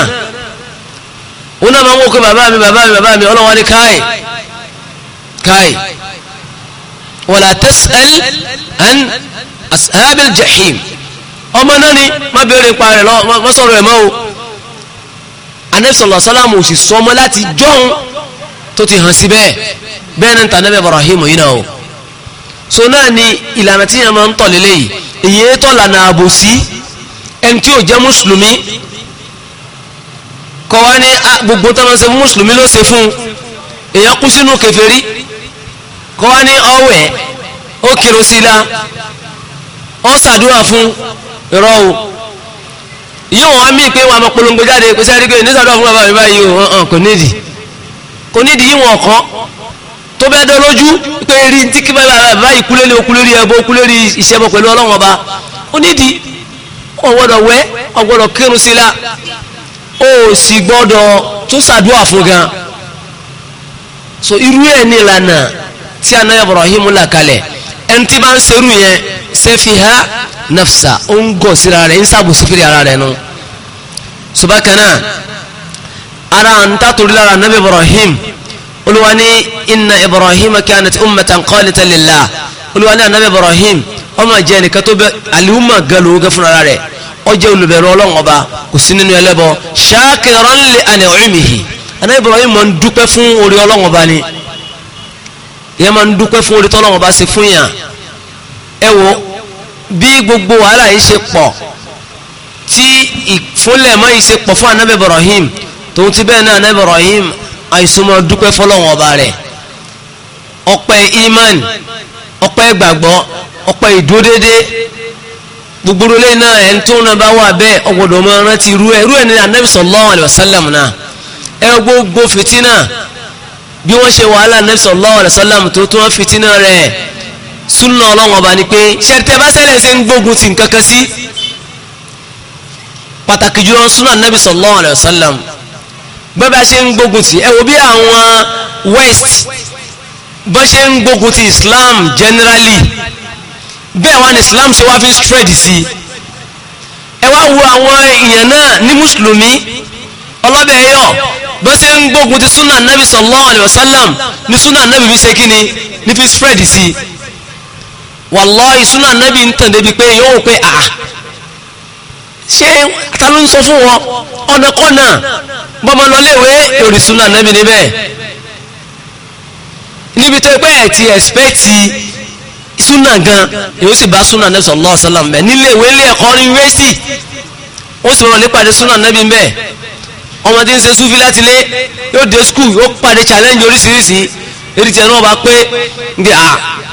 wọn náà máa ń wò pé bàbá mi bàbá mi bàbá mi ọlọ́wọ́ ni káì káì wala tas'al an ashabil jahim ọmọ náà ni má béèrè pa rẹ̀ lọ́wọ́ sọ̀rọ̀ ẹ̀ mọ́ o anabi sallallahu alayhi sọ bẹ́ẹ̀ bẹ́ẹ̀ náà ń ta yìí náà o so náà ni ìlànà tí yẹn máa ń tọ̀ lélẹ̀ yìí èyí tó lànà àbòsí ẹni tí ò jẹ́ mùsùlùmí kọ́ wá ní ah, gbogbo tó máa ń ṣe fún mùsùlùmí ló ṣe fún èyàn kú sínú kèfèrí kọ́ wá ní ọ̀wẹ̀ ó kírun sí la ó ṣàdúrà fún irọ́ o yóò wọ́n mí pé wọ́n máa polongo jáde pé sẹ́ẹ́rì ní ṣàdúrà fún bàbá mi báyìí o kò nídìí kò nídìí yíwọ̀n ọ̀kan tó bẹ́ẹ̀ dán lójú pé rí tí kí bá ikú lérí okú lérí ẹbọ okú lérí ìṣẹ́bọ pẹ̀lú ọlọ́run ọba ó nídìí ó gbọ́dọ̀ wẹ̀ ó gbọ́dọ̀ kírun sí la ó sì gbọ́dọ̀ tó ṣàdúrà fún gan so irú ẹ̀ ní ìlànà tí a náà Ibrahim là kalẹ̀ ẹni tí bá ń serú yẹn sẹ́fìhá nafsa ó ń gọ̀ síra rẹ̀ ń sàbòsí fìrí ara rẹ̀ nu subakana ara ń tàtòrí lára nabi Ibrahim olúwa ní inna ibrahim kanat ummatan qanitan lillah olúwa ní anabi ibrahim ọmọ jẹ́ nìkan tó bẹ aliuma galo gẹ fúnra rẹ̀ ó jẹ́ olùbẹ̀rù Ọlọ́run ọba kò sí nínú ẹlẹ́bọ shakiran li an'imihi anabi ibrahim máa ń dúpẹ́ fún orí Ọlọ́run ọba ni ìyẹn máa ń dúpẹ́ fún orí tọ́lọ́run ọba fún yàn ẹ wo bí gbogbo wàhálà yìí ṣe pọ̀ tí ìfúnlẹ̀ mọ́ yìí ṣe pọ̀ fún anabi ibrahim tòun ti bẹ́ẹ̀ náà anabi ibrahim àìsùnmọ́ dúpẹ́ fọlọ́wọ́n ọba rẹ̀ ọpẹ́ iman ọpẹ́ ìgbàgbọ́ ọpẹ́ ìdúródédé gbogbo ilé náà ẹ̀ ń tó náà bá wà bẹ́ẹ̀ ọgbọ̀dọ̀ máa rántí irú ẹ̀ irú ẹ̀ ní anabi sallallahu alayhi wa sallam náà ẹ gbogbo fìtínà bí wọ́n ṣe wàhálà anabi sallallahu alayhi wa sallam tó tó wọ́n fìtínà rẹ̀ súnà ọlọ́wọ́n ọba ni pé ṣẹ́tẹ́ bá sẹ́lẹ̀ ṣe ń gbógun ti nǹkan kan sí pàtàkì jùlọ súnà anabi sallallahu alayhi wa bọ́bá ṣe ń gbógun ti ẹ wo bí àwọn west bọ́ ṣe ń gbógun ti islam generally bẹ́ẹ̀ wá islam ṣe wá fi ń spread sí ẹ wá wo àwọn èèyàn náà ní mùsùlùmí ọlọ́bẹ̀ ẹ̀yọ́ bọ́ ṣe ń gbógun ti sunna nabi sallallahu alayhi wa sallam ní sunna nabi fi ṣe kí ni ní fi spread sí wàlláhì Sunan nabi ń tàn débi pé yóò pé àà ah, ṣé ta ló ń sọ fún wọn ọ̀nà kọ́nà bọ́mọ lọléèwé lórí súnà nẹ́bí níbẹ̀ níbi tó pẹ́ ẹ̀ ti ẹ̀spẹ́tì súnà gan yóò sì bá súnà nẹ́bí sallallahu alaihi wasallam bẹ̀ níléèwé ilé ẹ̀kọ́ ní yúnivẹ́sìtì ó sì rọrùn nípàdé súnà nẹ́bí bẹ́ẹ̀ ọmọ tí ń ṣe súfì láti lé yóò dé skul ó pàdé challenge oríṣiríṣi èdè tí ẹnu ọba pé ndí à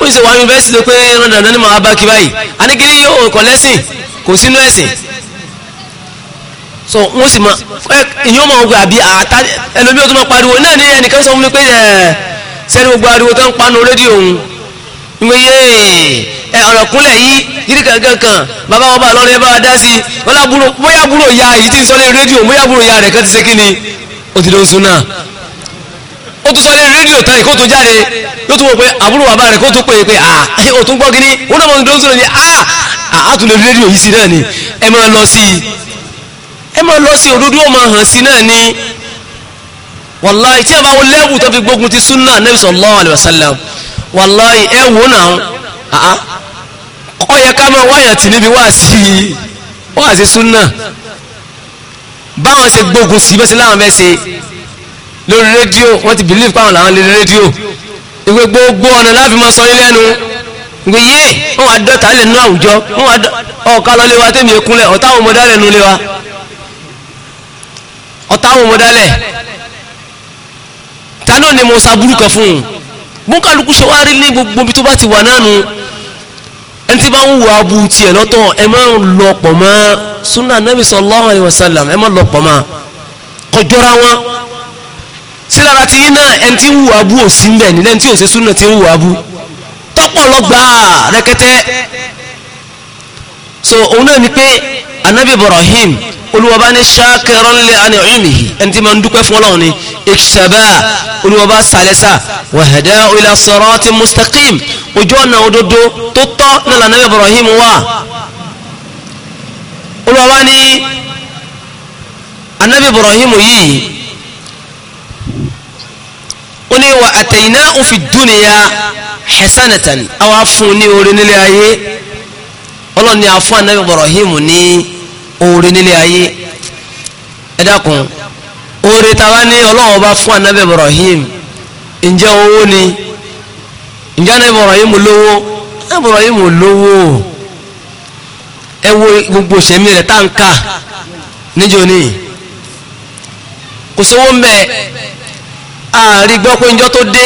ó sì wà yúnivẹ́sìtì pé rán dandan ní màá bá kí báyìí àníkiri yóò kọ̀ lẹ́sìn kò sínú ẹ̀sìn so wọ́n sì máa ìyọ́n máa gbé àbí àtà ẹlòmí ó tún máa pariwo náà ní ẹnìkan sọ fún mi pé ẹ̀ sẹ́ni gbogbo ariwo tó ń panu rédíò òun ìwé yéè ẹ ọ̀rọ̀ kúnlẹ̀ yìí yìí kankan kan bàbá wọn bá lọ́rọ̀ ẹ bá wa dá sí i wọ́n lábúrò bóyá búrò ya èyí tí ń sọ lé rédíò bóyá búrò ya rẹ̀ kan ti ṣe kí ni ó ti lóṣù náà ó tún sọ lé rédíò tán ìkó tó jáde yóò tún wọ pé àbúrò bàbá rẹ̀ kó tó pè é pé ah ó tún gbọ́ kí ni wọ́n náà mọ̀ ní lóṣù náà ni ah àtúnlẹ̀ rédíò yìí sí náà ni ẹ máa lọ sí i ẹ máa lọ sí òdodo ọmọ hàn sí náà ni wàláì tí a bá wọn lẹ́wù tó fi gbógun ti súnà Nabi sallallahu alaihi wasallam wàláì ẹ wò náà ọ yẹ ká máa wáyà tì níbi wáàsí wáàsí súnà báwọn ṣe gbógun sí bẹ́sẹ̀ láwọn bẹ́ẹ̀ ṣe lórí rédíò wọ́n ti bìlíf páwọn làwọn lè rédíò ìwé gbogbo ọ̀nà láfi máa sọ yín lẹ́nu ìwé yé wọ́n wá dọ́ta lẹ̀ àwùjọ wọ́n wá ọ̀ka lọ́lẹ́wà tẹ̀mí ekúnlẹ̀ ọ̀tá àwọn ọmọdé lẹ̀ nú ọ̀tá àwọn ọmọ dálẹ̀ ni mo sa burúkọ fún un mú kálukú ṣe wá rí ní gbogbo ibi tó bá ti wà nánu ẹni tí bá ń wo abu tiẹ̀ lọ́tọ̀ ẹ má lọ pọ̀ mọ́ sunna nabi sallallahu alayhi wa sallam ẹ má lọ pọ̀ mọ́ kọjọ́ra wọn sílára ti yín náà ẹni tí ń wo abu ò sí mbẹ̀ nílẹ̀ ẹni tí ò ṣe sunna ti ń wo abu tọ́pọ̀ lọ́gbà rẹ̀kẹ́tẹ́ so òun náà ni pé anabi ibrahim olùwọba ní ṣáàkẹrán lè àní ọ̀yìnmìhì ẹni tí ma ń dúpẹ́ fún ọlọ́run ni ìṣẹ̀bá olùwọba sàlẹ́sà wàhẹ̀dẹ́ ila sirati mustaqim ojú ọ̀nà òdodo tó tọ́ nílà náà Ibrahim wà olùwọba ní anábì Ibrahim yìí ó ní wà ataynahu fi dunya hasanatan àwa fún ní orí nílé ayé ọlọ́run ni àfún anábì Ibrahim ní oore nílé ayé ẹ dákun oore tàwa ní ọlọ́wọ́ bá fún anabi Ibrahim ǹjẹ́ owó ni ǹjẹ́ anabi Ibrahim lówó anabi Ibrahim lówó ẹ wo gbogbo sẹ́mi rẹ̀ tá n ká níjó ni kò sówó ń bẹ ààrí gbọ́ pé njọ́ tó dé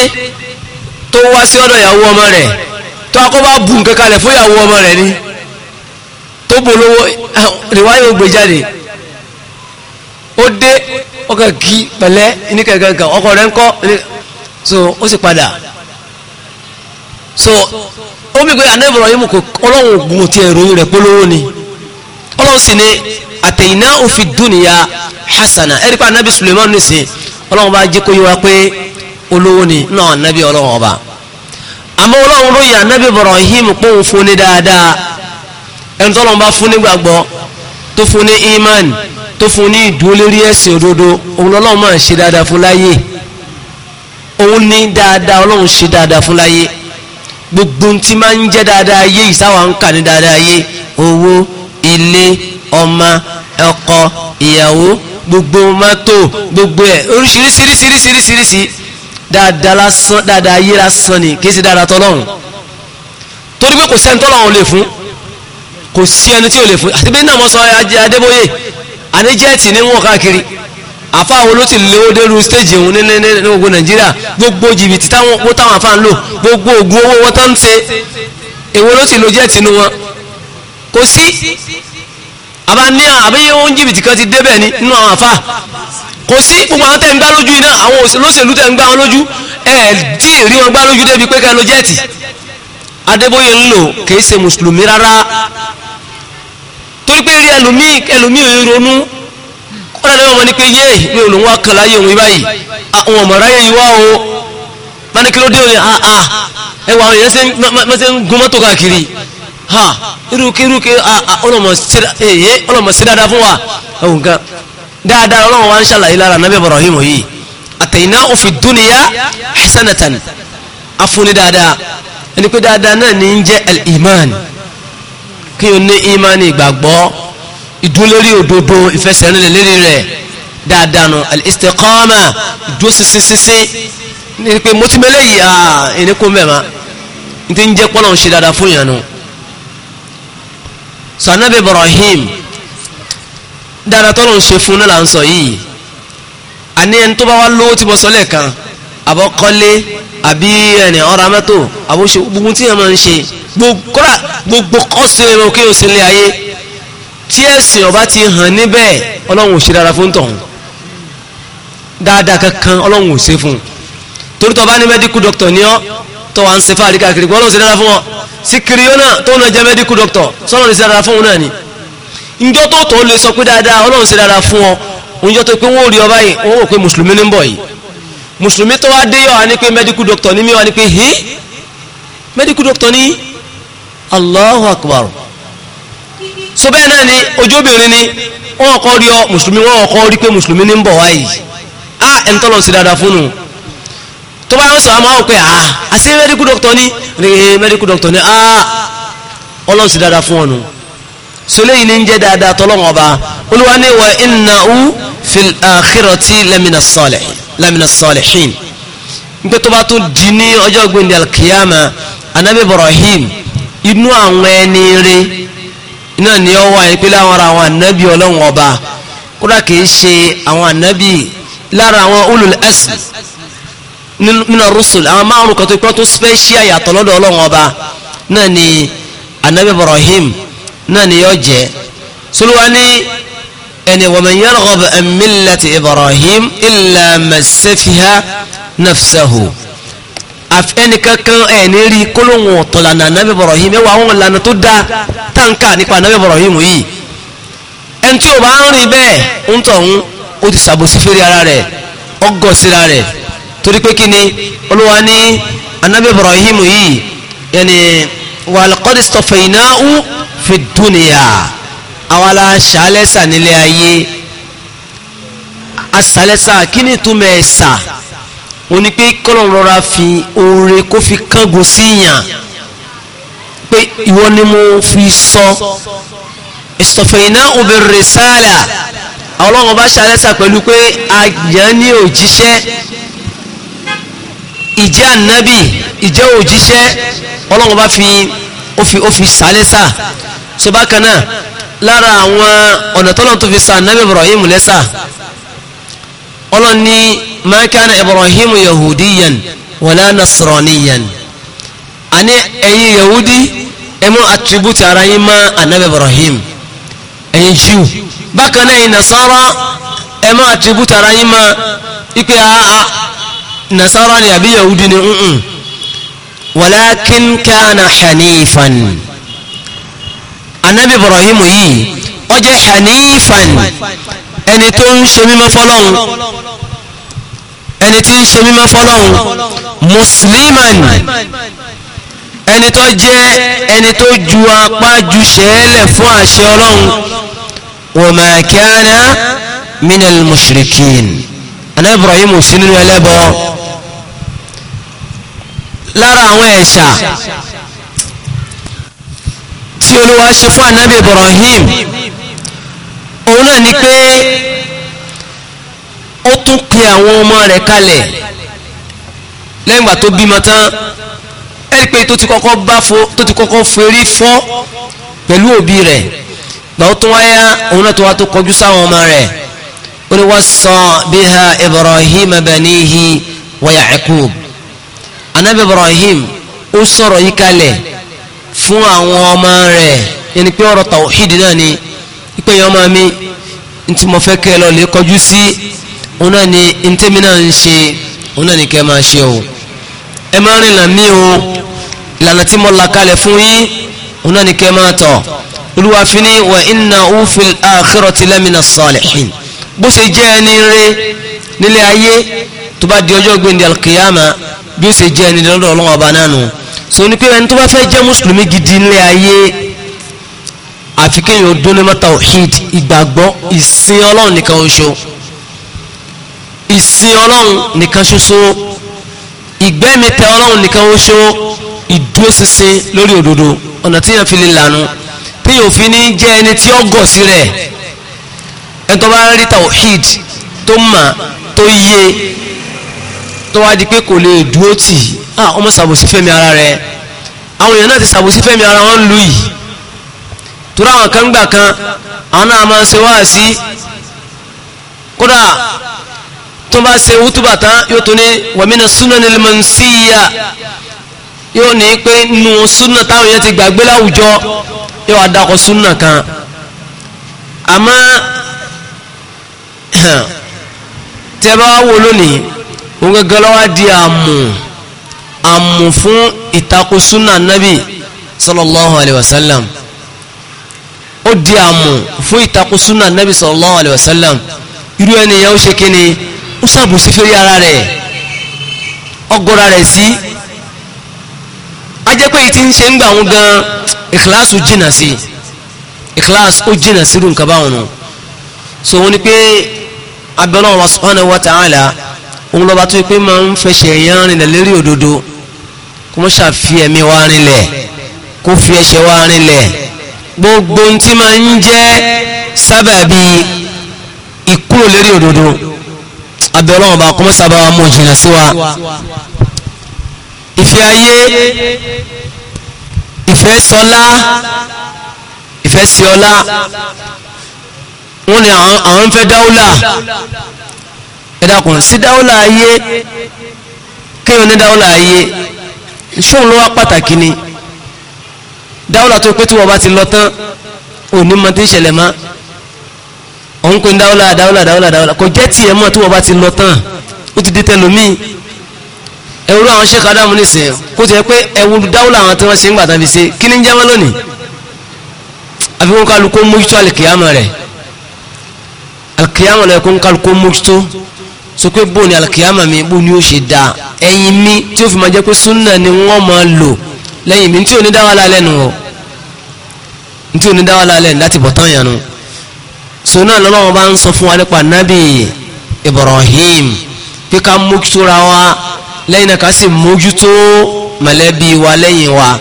tó wá sí ọ̀dọ̀ ìyàwó ọmọ rẹ̀ tó akọ́ bá bu nǹkan kalẹ̀ fún ìyàwó ọmọ rẹ̀ ni tó bolówó rìwáyé ó gbé jáde ó dé ọkọ̀ kí pẹ̀lẹ́ ní ọkọ̀ rẹ̀ ń kọ́ so ó sì padà so ó bí pé anẹ́bọ̀rọ̀ yìí mú kò ọlọ́run ògùn ti ẹ̀ròyìn rẹ̀ polówó ni ọlọ́run sì ni àtẹ̀yìnà òfin dúnìyà hasana ẹ̀rí pa anábì suleiman nìsín ọlọ́run bá jí kó yíwa pé olówó ni náà anábì ọlọ́run ọba àmọ́ ọlọ́run ròyìn anábì Ibrahim pòun fún ní dáadáa ẹni tọ́lọ̀ ń bá fún nígbàgbọ́ tó fún ní iman tó fún ní ìdúrólérí ẹ̀sìn òdodo òun lọ́lọ́run máa ń ṣe dáadáa fún láyé òun ní dáadáa ọlọ́run ṣe dáadáa fún láyé gbogbo tí máa ń jẹ́ dáadáa ayé ìsáwà ń kà ní dáadáa ayé owó ilé ọmọ ọkọ ìyàwó gbogbo mọ́tò gbogbo ẹ̀ oríṣiríṣiríṣiríṣiríṣi dáadáa lásán dáadáa ayé lásán ni kì í ṣe dáadáa tọ́lọ́run torí pé kò sẹ́ni tọ́lọ́run lè fún kò sí ẹni tí ò lè fún àti bí náà mọ́ sọ adébóyè àníjẹ́ẹ̀tì ní wọ́n káàkiri àfa àwọn ló ti lówó dérú stéèjì òun ní gbogbo nàìjíríà gbogbo jìbìtì táwọn owó táwọn àfa ń lò gbogbo ògùn owó wọn tó ń ṣe èwo ló ti lo jẹ́ẹ̀tì nu wọn kò sí àbá ní àbíyẹ wọn jìbìtì kan ti débẹ̀ ní inú àwọn àfa kò sí gbogbo àwọn tẹ̀ ń gbá lójú iná àwọn olóṣèlú tẹ̀ ń gbá wọn lójú ẹ̀ẹ́dì rí wọn gbá lójú débi pé kẹ́ lo jẹ́ẹ̀tì adébóyè ń lò kìí ṣe mùsùlùmí rárá torí pé rí ẹlòmíì ẹlòmíì ò ronú kọ́nà lẹ́wọ̀n mọ́ ní pé yé mi ò lòun wá kan láyé òun báyìí àwọn ah, ọmọ ráyè yìí wá o bá ní kí ló dé òní ha ah, ha ẹwà àwọn èèyàn ṣe ń gun mọ́tò káàkiri ha irúkẹ́ irúkẹ́ ọlọ́mọ sí dáadáa fún wa ẹ̀wùn kan dáadáa ọlọ́run wa ń ṣàlàyé lára nàbí Ibrahim yìí àtẹ̀yìnà òfin dúnìyà hasanatan afúni dáadáa ẹni pé dáadáa náà ní ń jẹ́ al-iman kí o ní iman ìgbàgbọ́ ìdúlérí òdodo ìfẹsẹ̀rinlẹ̀ lérí rẹ̀ dáadáa nù al-istiqama ìdúró sísísísí ní pé mo ti mẹ́lẹ̀ yìí àà ẹni kó mẹ́ma ní ti ń jẹ́ pọ́nà ṣe dáadáa fún yàn nù sanabi Ibrahim dáadáa tọ́lọ̀ ń ṣe fún náà là ń sọ yìí àní tó bá wá lówó tí mo sọ lẹ́ẹ̀kan àbọ́kọ́lé àbí ẹni ọ̀rọ̀ amẹ́tò àbóṣe gbogbo tí yẹn máa ń ṣe gbogbo kọ́sílẹ̀ mọ́ kí o sì lé ayé tí ẹ̀sìn ọba ti hàn níbẹ̀ ọlọ́run ò ṣe dára fún tọ̀hún dáadáa kankan ọlọ́run ò ṣe fún un torí tọ́ bá ní mẹ́díkù dọ́kítọ̀ ní ọ́ tọ́ wa ń ṣe fáàrí káàkiri pé ọlọ́run ṣe dára fún ọ síkiri yóò náà tó ń jẹ́ mẹ́díkù dọ́kítọ̀ sọ́nà lè ṣe dára fún òun náà ni njọ́ tó tó lè sọ pé dáadáa ọlọ́run ṣe dára fún ọ òun jọ́ tó pé wọ́n ò rí ọ báyìí wọ́n wò pé mùsùlùmí ní ń bọ̀ yìí mùsùlùmí tó wá dé yọ wá ní pé medical doctor ní mi wá ní pé hí medical doctor ní Allahu Akbar so bẹ́ẹ̀ náà ni ojóbìnrin ni wọ́n kọ́ rí ọ mùsùlùmí wọ́n kọ́ rí pé mùsùlùmí ní ń bọ̀ wáyìí a ẹni tọ́lọ̀ sí dáadáa fún un tó bá yọ sọ àmọ́ àwọn pé a àṣẹ medical doctor ní rèé medical doctor ní a ọlọ́run sí dáadáa fún ọ̀nù soléyìí ní ń jẹ́ dáadáa tọ́lọ́wọ́n ọba olúwa ní wa innahu fil akhirati lamina salihin lamina salihin nígbà tó bá tún di ní ọjọ́ gbòǹdì alkiyama anabi ibrahim inú àwọn ẹni rẹ iná ni ó wà pé láwọn ara àwọn anabi ọlọ́run ọba kódà kìí ṣe àwọn anabi lára àwọn ulul asm nínú rusul àwọn márùn kan tó tó special yàtọ̀ lọ́dọ̀ ọlọ́run ọba náà ni anabi ibrahim náà ni yóò jẹ́ sọlọ́wọ́ ẹni waman yarghabu an millati Ibrahim illa masafiha nafsahu afẹnikankan ẹni rí kólóhùn ọ̀tọ̀lànà anábì Ibrahim ẹwà àwọn ìlànà tó dá táǹkà nípa anábì Ibrahim yìí ẹni tí ò bá ń rí bẹ́ẹ̀ ń tọ̀hún ó ti ṣàbòsí fèrè ara rẹ̀ ọgọ́ síra rẹ̀ torí pé kí ni olúwa ní anábì Ibrahim yìí yẹni wa laqad istafaynahu fi dunya àwa la ṣàlẹ́sà nílé ayé asàlẹ́sà kí ni túmọ̀ ẹ̀sà wọn ni pé kọ́lọ̀ rọra fi oore kó fi kángun sí yàn pé ìwọ ni mo fi sọ ìsọfẹ̀yìnà obìnrin rìsáàlà ọlọ́run bá ṣàlẹ́sà pẹ̀lú pé àyàn ní òjíṣẹ́ ìjẹ́ ànábì ìjẹ́ òjíṣẹ́ ọlọ́run bá fi ó fi ṣàlẹ́sà ṣe bákan náà lára àwọn ọ̀nà tọ́lọ̀ tó fi sa nabi ibrahim lẹ́sà ọlọ́ni ma kana ibrahim yahudiyan wala nasraniyan àní ẹ̀yin yahudi ẹ mú attribute ara yín mọ́ anabi ibrahim ẹ̀yin jew bákan náà ẹ̀yin nasara ẹ mú ara yín mọ́ ipe àá nasara ni àbí yahudi ni walakin kana hanifan anabi ibrahim yìí ó jẹ́ hanifan ẹni tó ń ṣe mímọ́ fọ́lọ́hun ẹni tí ń ṣe mímọ́ fọ́lọ́hun musliman ẹni tó jẹ́ ẹni tó ju apá ju ṣẹ́ẹ́lẹ̀ fún àṣẹ ọlọ́hun wa ma kana minal mushrikin anabi ibrahim sínú ẹlẹ́bọ lára àwọn ẹ̀ṣà tí olúwa ṣe fún anabi ibrahim òun náà ni pé ó tún pe àwọn ọmọ rẹ̀ kalẹ̀ lẹ́yìn ìgbà tó bímọ tán ẹ̀rí pé tó ti kọ́kọ́ bá fo tó ti kọ́kọ́ ferí fọ́ pẹ̀lú òbí rẹ̀ gbà ó tún wáyá òun náà tó wá tó kọjú sáwọn ọmọ rẹ̀ ó ní wassa biha ibrahim banihi wa ya'qub anabi ibrahim ó sọ̀rọ̀ yí kalẹ̀ fún àwọn ọmọ rẹ̀ yẹni pé ọ̀rọ̀ tàwọ̀hídì náà ni pípẹ́ yẹn ọmọ mi ntí mo fẹ́ kẹ́ ẹ lọ lè kọjú sí òun náà ni ntẹ́mi náà ń ṣe òun náà ni kẹ́ ẹ máa ṣe o ẹ máa rìn là mí o ìlànà tí mo là kalẹ̀ fún yín òun náà ni kẹ́ máa tọ̀ olúwa wà iná òfin àkérọ̀tì lẹ́mìnà sọ̀lẹ̀ bó ṣe jẹ́ ẹni rẹ nílé ayé tó bá di ọjọ́ gbẹ̀ndẹ̀ alkiyama bí ó ṣe jẹ́ ẹni lọ́dọ̀ ọlọ́wọ́ ọba náà nù tó ní pé ẹni tó bá fẹ́ jẹ́ mùsùlùmí gidi nílé ayé àfi kéèyàn dúnlé mọ́ tawhid ìgbàgbọ́ ìsìn ọlọ́run nìkan ṣoṣo ìsìn ọlọ́run nìkan ṣoṣo ìgbẹ́mìtẹ ọlọ́run nìkan ṣoṣo ìdúróṣinṣin lórí òdodo ọ̀nà tíyàn fi lè lànà tíyàn òfin ní jẹ́ ẹni tí ó gọ̀ sí rẹ̀ ẹni tó bá rí tawhid tó mà tó yé tó wá di pé kò lè dúró tì í ah ọmọ ṣàbòsí fẹ́mi ara rẹ̀ àwọn èèyàn náà ti ṣàbòsí fẹ́mi ara wọn lù yìí torí àwọn kan gbà kan àwọn náà máa ń ṣe wá sí kódà tó bá ṣe wútúbà tán yóò tó ní wàmínà súnanil mansiyya yóò ní pé nù súnà táwọn èèyàn ti gbàgbé láwùjọ yóò adakọ̀ súnà kan àmọ́ tẹ́ [CLEARS THROAT] bá wò lónìí òun gẹ́gẹ́ lọ́wọ́ di àmù àmù fún ìtakò súnà nábì sallallahu alaihi wasallam. sallam ó di àmù fún ìtakò súnà nábì sallallahu alaihi wasallam. sallam irú ẹnìyàn ó ṣe kíni ó ṣàbùsí fèrè ara rẹ̀ ọgọ́ra rẹ̀ sí a jẹ́ pé ìtí ń ṣe ń gbà wọn gan ìkìláàsù jìnà sí ìkìláàsù ó jìnà sí nǹkan báwọn nù so wọn ni pé abẹ́lẹ́ wọn subhanahu wa ta'ala òun lọ́ba tó yẹ pé máa ń fẹsẹ̀ yẹn rinlẹ̀ lérí òdodo kó mọ́ ṣàfi ẹ̀mí wa rinlẹ̀ kó fi ẹsẹ̀ wa rinlẹ̀ gbogbo ohun tí máa ń jẹ́ sábàbí ìkúrò lérí òdodo abẹ́ ọlọ́run ọba kó mọ́ sábà wa mú jìnnà sí wa ìfẹ́ ayé ìfẹ́ sọlá ìfẹ́ sí ọlá wọ́n ní àwọn fẹ́ dáúlà ẹ̀dàkùn sí dáúlà ayé kéèyàn ní dáúlà ayé ṣóun ló wá pàtàkì ni dáúlà tó pé tí wọ́n bá ti lọ tán òní mọ tí ń ṣẹlẹ̀ mọ́ òun pé dáúlà dáúlà dáúlà dáúlà kò jẹ́ tiẹ̀ mọ́ tí wọ́n bá ti lọ tán ó ti di tẹlómìn ẹwúrú àwọn Sheikh Adamu nìsẹ̀ kó ti pé ẹwúrú dáúlà àwọn tí wọ́n ṣe ń gbà ṣe kí ni ń jẹ́ mọ́ lónìí àfi kó ń kálukó mójútó àlìkìyàmọ̀ rẹ̀ àlìkìyàmọ̀ so pé bóun ni alikiyama mi bóun ni ó ṣe da ẹ̀yìn mi tí ó fi máa jẹ́ pé sunna ni wọ́n máa lò lẹ́yìn mi tí ò ní dá wàhálà lẹ́nu o tí ò ní dá wàhálà lẹ́nu láti bọ̀ tán yànnu so náà lọ́wọ́ bá ń sọ fún wa nípa nabi Ibrahim pé ká mójútóra wa lẹ́yìn náà ká sì mójútó mọ̀lẹ́bí wa lẹ́yìn wa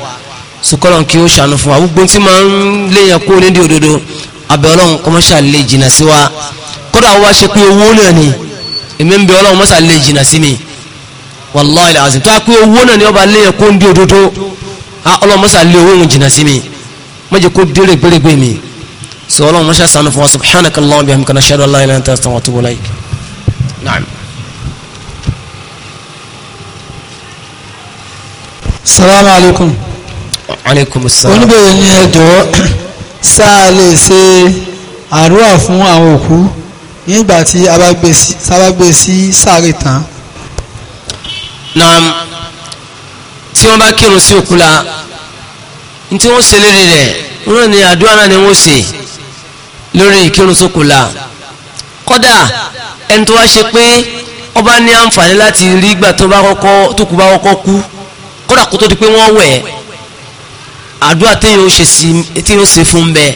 sukọlọ́n kí ó ṣàánú fún wa gbogbo tí máa ń léyàn kó nídìí òdodo abẹ́ ọlọ́run kọ́mọ́ṣà lè jìnnà sí wa kódà wá ṣe pé owó náà ni èmi ń bẹ ọlọ́run mọ́sà lè jìnà sí mi wallahi alazim tó a pé owó náà ni ọba léyìn kó ń di òdodo a ọlọ́run mọ́sà lè owó òun jìnà sí mi mọ́jẹ kó dé rẹ̀gbẹ̀rẹ̀gbẹ̀ mi sọ ọlọ́run mọ́sà sànù fún wa subhanaka allahumma bihamdika nashhadu an la ilaha illa anta wa atubu ilaik
salaamu alaykum.
aleykum salaam. oníbẹ̀rẹ̀
ni ẹ jọ̀ọ́ sáà lè ṣe àdúrà fún àwọn òkú nígbà tí sábàgbé sí sáré tán.
naam tí wọ́n bá kírun sí òkú la tí wọ́n ṣe lérí rẹ̀ wọ́n ní àdúrà náà ni wọ́n ṣe lórí ìkírun sókù la kódà ẹni tó wá ṣe pé wọ́n bá ní àǹfààní láti rí ìgbà tó bá kọ́kọ́ tó kù bá kọ́kọ́ kú kódà kó tó di pé wọ́n wẹ̀ àdúrà téèyàn ó ṣe fún bẹ́ẹ̀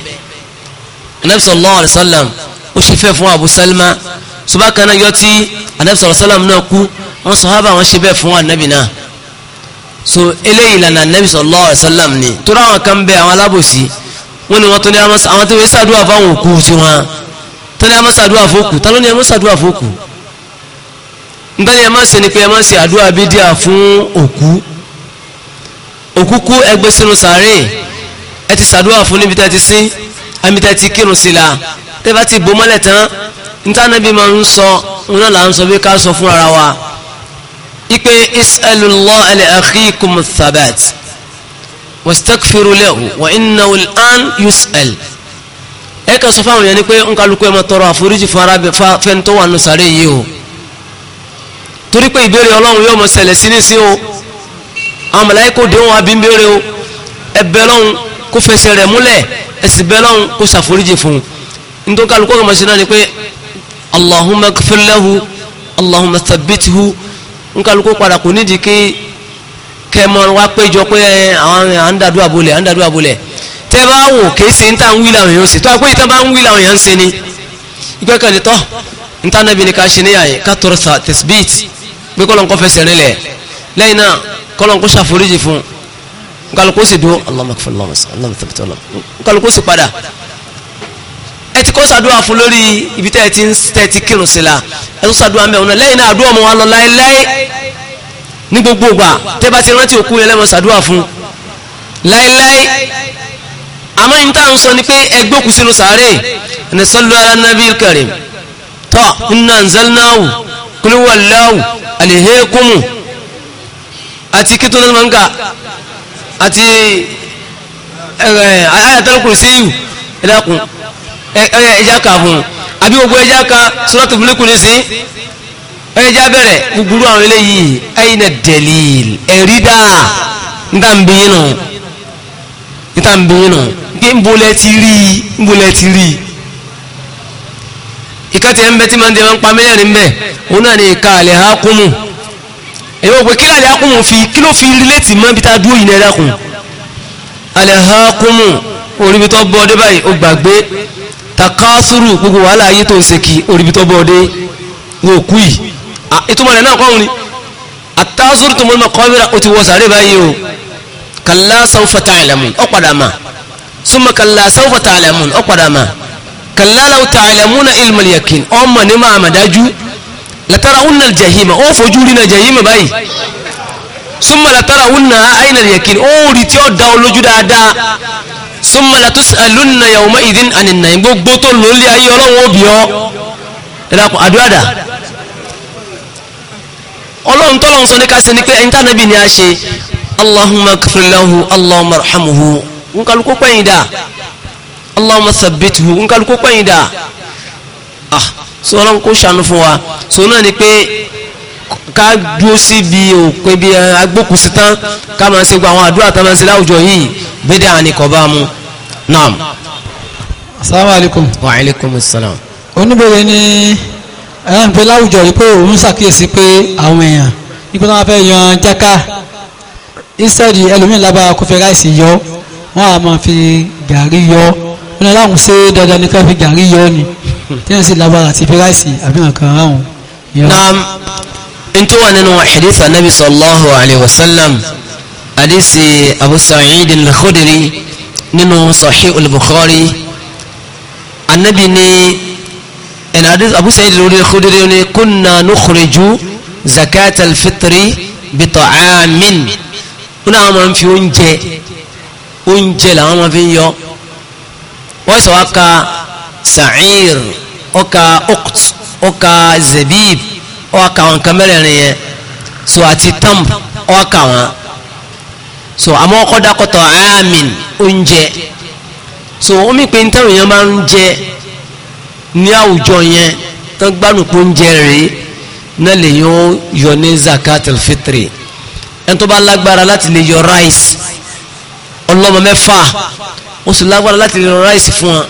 anabi sallallahu alayhi wa sallam ó ṣe fẹ́ fún abu salima sọba kan náà yọ tí anabi sọ̀rọ̀ sálàmù náà kú wọn sàhábà wọn ṣe bẹ́ẹ̀ fún anabi náà so eléyìí ìlànà anabi sallallahu alaihi wasallam ni tó ráwọn kan bẹ àwọn alábòsí wọn ni wọn tó ní àwọn tó ń ṣàdúrà fáwọn òkú tiwọn tó ní àwọn ṣàdúrà fókù tá ló ní àwọn ṣàdúrà fókù nǹkan ni ẹ máa ṣe ni pé ẹ máa ṣe àdúrà bídíà fún òkú òkú kú ẹgbẹ́ sínú sàárè ẹ ti ṣàdúrà fún níbi tẹ́ ti sí àmì tẹ́ ti kírun sí la tẹ́bá ti bò mọ́lẹ̀ tán ntánàbí máa ń sọ ńlá là ń sọ bí ká sọ fún ara wa ipe is'alullaha li akhikum thabat wastaghfiru lahu wa innahu al'an yus'al ẹ kà sọ fáwọn èèyàn ni pé nkálukú ẹ máa tọrọ àforíjì fún ara fẹ́ni tó wà nù yìí o torí pé ìbéèrè ọlọ́run yóò mọ ṣẹlẹ̀ sí nísìn o àwọn màláíkà dé wọn àbí ń béèrè o ẹ bẹ lọ́hùn kó fẹsẹ̀ rẹ̀ múlẹ̀ ẹ sì bẹ lọ́hùn kó ṣàforíjì fún un nítorí kálukú ọkọ̀ mọ̀ṣẹ́ náà ni pé allahumma ighfir lahu allahumma thabbithu nkálukú padà kò nídìí kí kẹmọ wa péjọ pé àwọn àndàdú àbúlẹ̀ àndàdú àbúlẹ̀ tẹ bá wò kéésì ń tà ń wí làwọn èèyàn ń ṣe tó àpò ìtàn bá ń wí làwọn èèyàn ń ṣe ni ìgbẹ́kẹ̀lé tọ́ ń tà nàbí ni ká ṣe níyà yẹn ká tọrọ tẹsibíìt pé kọ́lọ́n kọ́ fẹsẹ̀ rìn lẹ̀ lẹ́yìn náà kọ́lọ́n kó ṣàforíjì fún nkálukú sì dún allahumma ighfir lahu allahumma thabbithu nkálukú sì padà ẹ ti kọ́ sàdúrà fún lórí ibi tẹ́ ẹ ti ń tẹ́ ti kírun sí la ẹ tún sàdúrà mẹ́wọ̀n náà lẹ́yìn náà àdúrà ọmọ wa lọ láéláé ní gbogbo ìgbà tẹ́ bá ti rántí òkú yẹn lẹ́mọ̀ sàdúrà fún láéláé àmọ́ yìí tá à ń sọ ni pé ẹgbẹ́ òkú sínú sàárè ẹni sallu ala nabil karim tọ́ inna anzalnahu qul huwallahu alhaakumu àti kí tó lọ́nà máa ń kà àti eh, eh, ayatul kursiyu ẹ̀dá kun ẹja kà fún un àbí gbogbo ẹja ka suratul mulku ní sí ẹja bẹ̀rẹ̀ gbogbo àwọn eléyìí ayna dalil ẹ̀rí dáa níta ń bí yín nù níta ń bí yín nù pé ń bolẹ̀ ti rí ń bolẹ̀ ti rí ìkàtí ẹ̀ńbẹ́ tí máa ń dẹ̀wọ́n pa mílíọ̀nù ńbẹ̀ òun náà ni ìka àlẹ́ ha kúmù èyí ò pé kí làlẹ́ akúmù fi kí ló fi ríléètì mọ́ ibi tá a dúró yìí náà dákun àlẹ́ ha kúmù bọ́ ọdẹ báyìí ó gbàgbé takasuru gbogbo wàhálà ayé tó ń ṣe kí oríbi tó bọ́ọ̀dé ní òkú yìí ìtumọ̀ rẹ̀ náà kọ́ ni àtàsùrù tó mọ́lùmọ́ kọ́míra ó ti wọ sàárè báyìí o kàlá sawfa ta'lamun ó padà mà summa kàlá sawfa ta'lamun ó padà mà kàlá law ta'lamuna ilmal yakin ọmọ ní máa mà dájú latarawunna al-jahima ó fojú rí na jahima báyìí summa latarawunna aynal yakin ó rí tí ó da ọ dáadáa summa latus'alunna yawma idhin anin na'im gbogbo tó lò lé ayé ọlọ́run òbí ọ ẹ̀dàkùn àdúràdà ọlọ́run tọ́lọ́run sọ ní ká sí ni pé ẹ̀yìn tánàbì ni a ṣe allahumma ghfir lahu allahumma arhamhu nkàlùkù pẹ̀yìn dà allahumma ah sọ ọlọ́run kó ṣàánú fún wa sọ ká dúró sí ibi òpin bí agbókùsí tán ká máa ṣe gba àwọn àdúrà tán máa ṣe láwùjọ yìí bídà àníkọ̀bá mu naam. asalaamualeykum. wa
aleykum salaam. oníbẹ̀rẹ̀ ni ẹ̀rọ ìpè láwùjọ yìí pé òun ṣàkíyèsí pé àwọn èèyàn nípa tí wọ́n fẹ́ yan jáká instead ẹlòmíì lábára kó fẹ́ ráìsì yọ wọ́n á máa fi gàrí yọ wọ́n náà láwọn ṣe dandan ní ká fi gàrí yọ ni [LAUGHS] tí wọ́n sì lábára àti fi ráìsì àbí nǹkan ráhùn yọ.
انتو اننو حديث النبي صلى الله عليه وسلم حديث ابو سعيد الخدري ننو صحيح البخاري النبي ني ان حديث ابو سعيد الخدري ني كنا نخرج زكاة الفطر بطعام هنا ما في انجة انجة làwọn ọmọ fi ń yọ wọ́n sọ wá ka sa'ir ọ̀ọ́ka àwọn nǹkan mẹ́rẹ̀ẹ̀rin yẹn so ati tam ọ̀ọ́ka wọn so àmọ́ ọkọ̀ dákọ̀tọ̀ àmìn oúnjẹ so wọ́n mi pé ní táwọn èèyàn máa ń jẹ ní àwùjọ yẹn tán gbádùn pé oúnjẹ rèé náà lè yọ yọ ní zakat alfitri ẹni tó láti lè yọ rice ọlọ́mọ mẹ́fà ó sì lágbára láti lè yọ rice fún wọn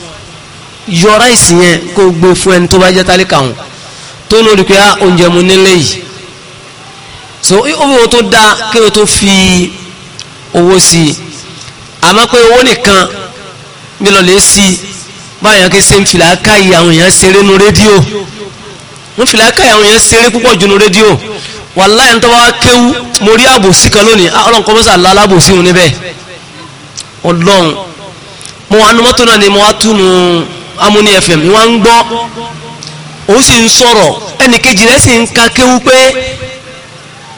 yọ rice yẹn kó gbé fún ẹni tó bá tó lórí pé ah, oúnjẹ mu nílé yìí so owó tó dá kí o tó fi owó sí i àmọ́ pé owó nìkan mi lọ lè sí i báyọ̀ kí ṣe ń fìlà káyì àwọn èèyàn ṣeré nu rédíò ń fìlà káyì àwọn èèyàn ṣeré púpọ̀ jù nu rédíò wàláyé tó wá kéwú mo rí àbòsí kan lónìí ah, ọlọ́run kọ́ mọ́sà lálábòsí òun níbẹ̀ ọlọ́run mo wà nu mọ́tò náà ni mo wá túnu amúní fm ni wọ́n ń gbọ́ ó sì ń sọ̀rọ̀ ẹnìkejì rẹ̀ sì ń ka kéwú pé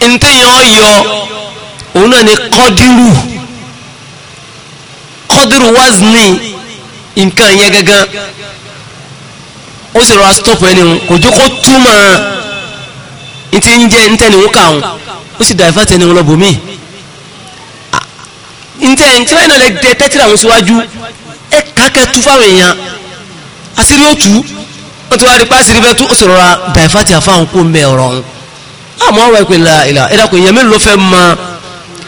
ntẹ́yàn yọ òun náà ni kọ́dírù kọ́dírù wazni nǹkan yẹn gangan ó sì rọra stọ́pù ẹni wọn kò jókòó túmọ̀ ntí ń jẹ́ ntẹ́ni wọn kàwọn ó sì dàífà tẹ́ni wọn lọ bòmí ntẹ́ ntẹ́ náà lè dẹ́ tẹ́tìrì àwọn síwájú ẹ̀ka kẹ́tù fáwọn èèyàn àṣírí ó wọ́n ti wá rí pàṣírí bẹ́ẹ̀ tó sọ̀rọ̀ ra dàìfàtì àfáhùn kó mẹ́ ọ̀rọ̀ ọ̀hún àmọ́ ọ̀rọ̀ ìpè la ìlà ẹ̀dá kò mélòó fẹ́ mọ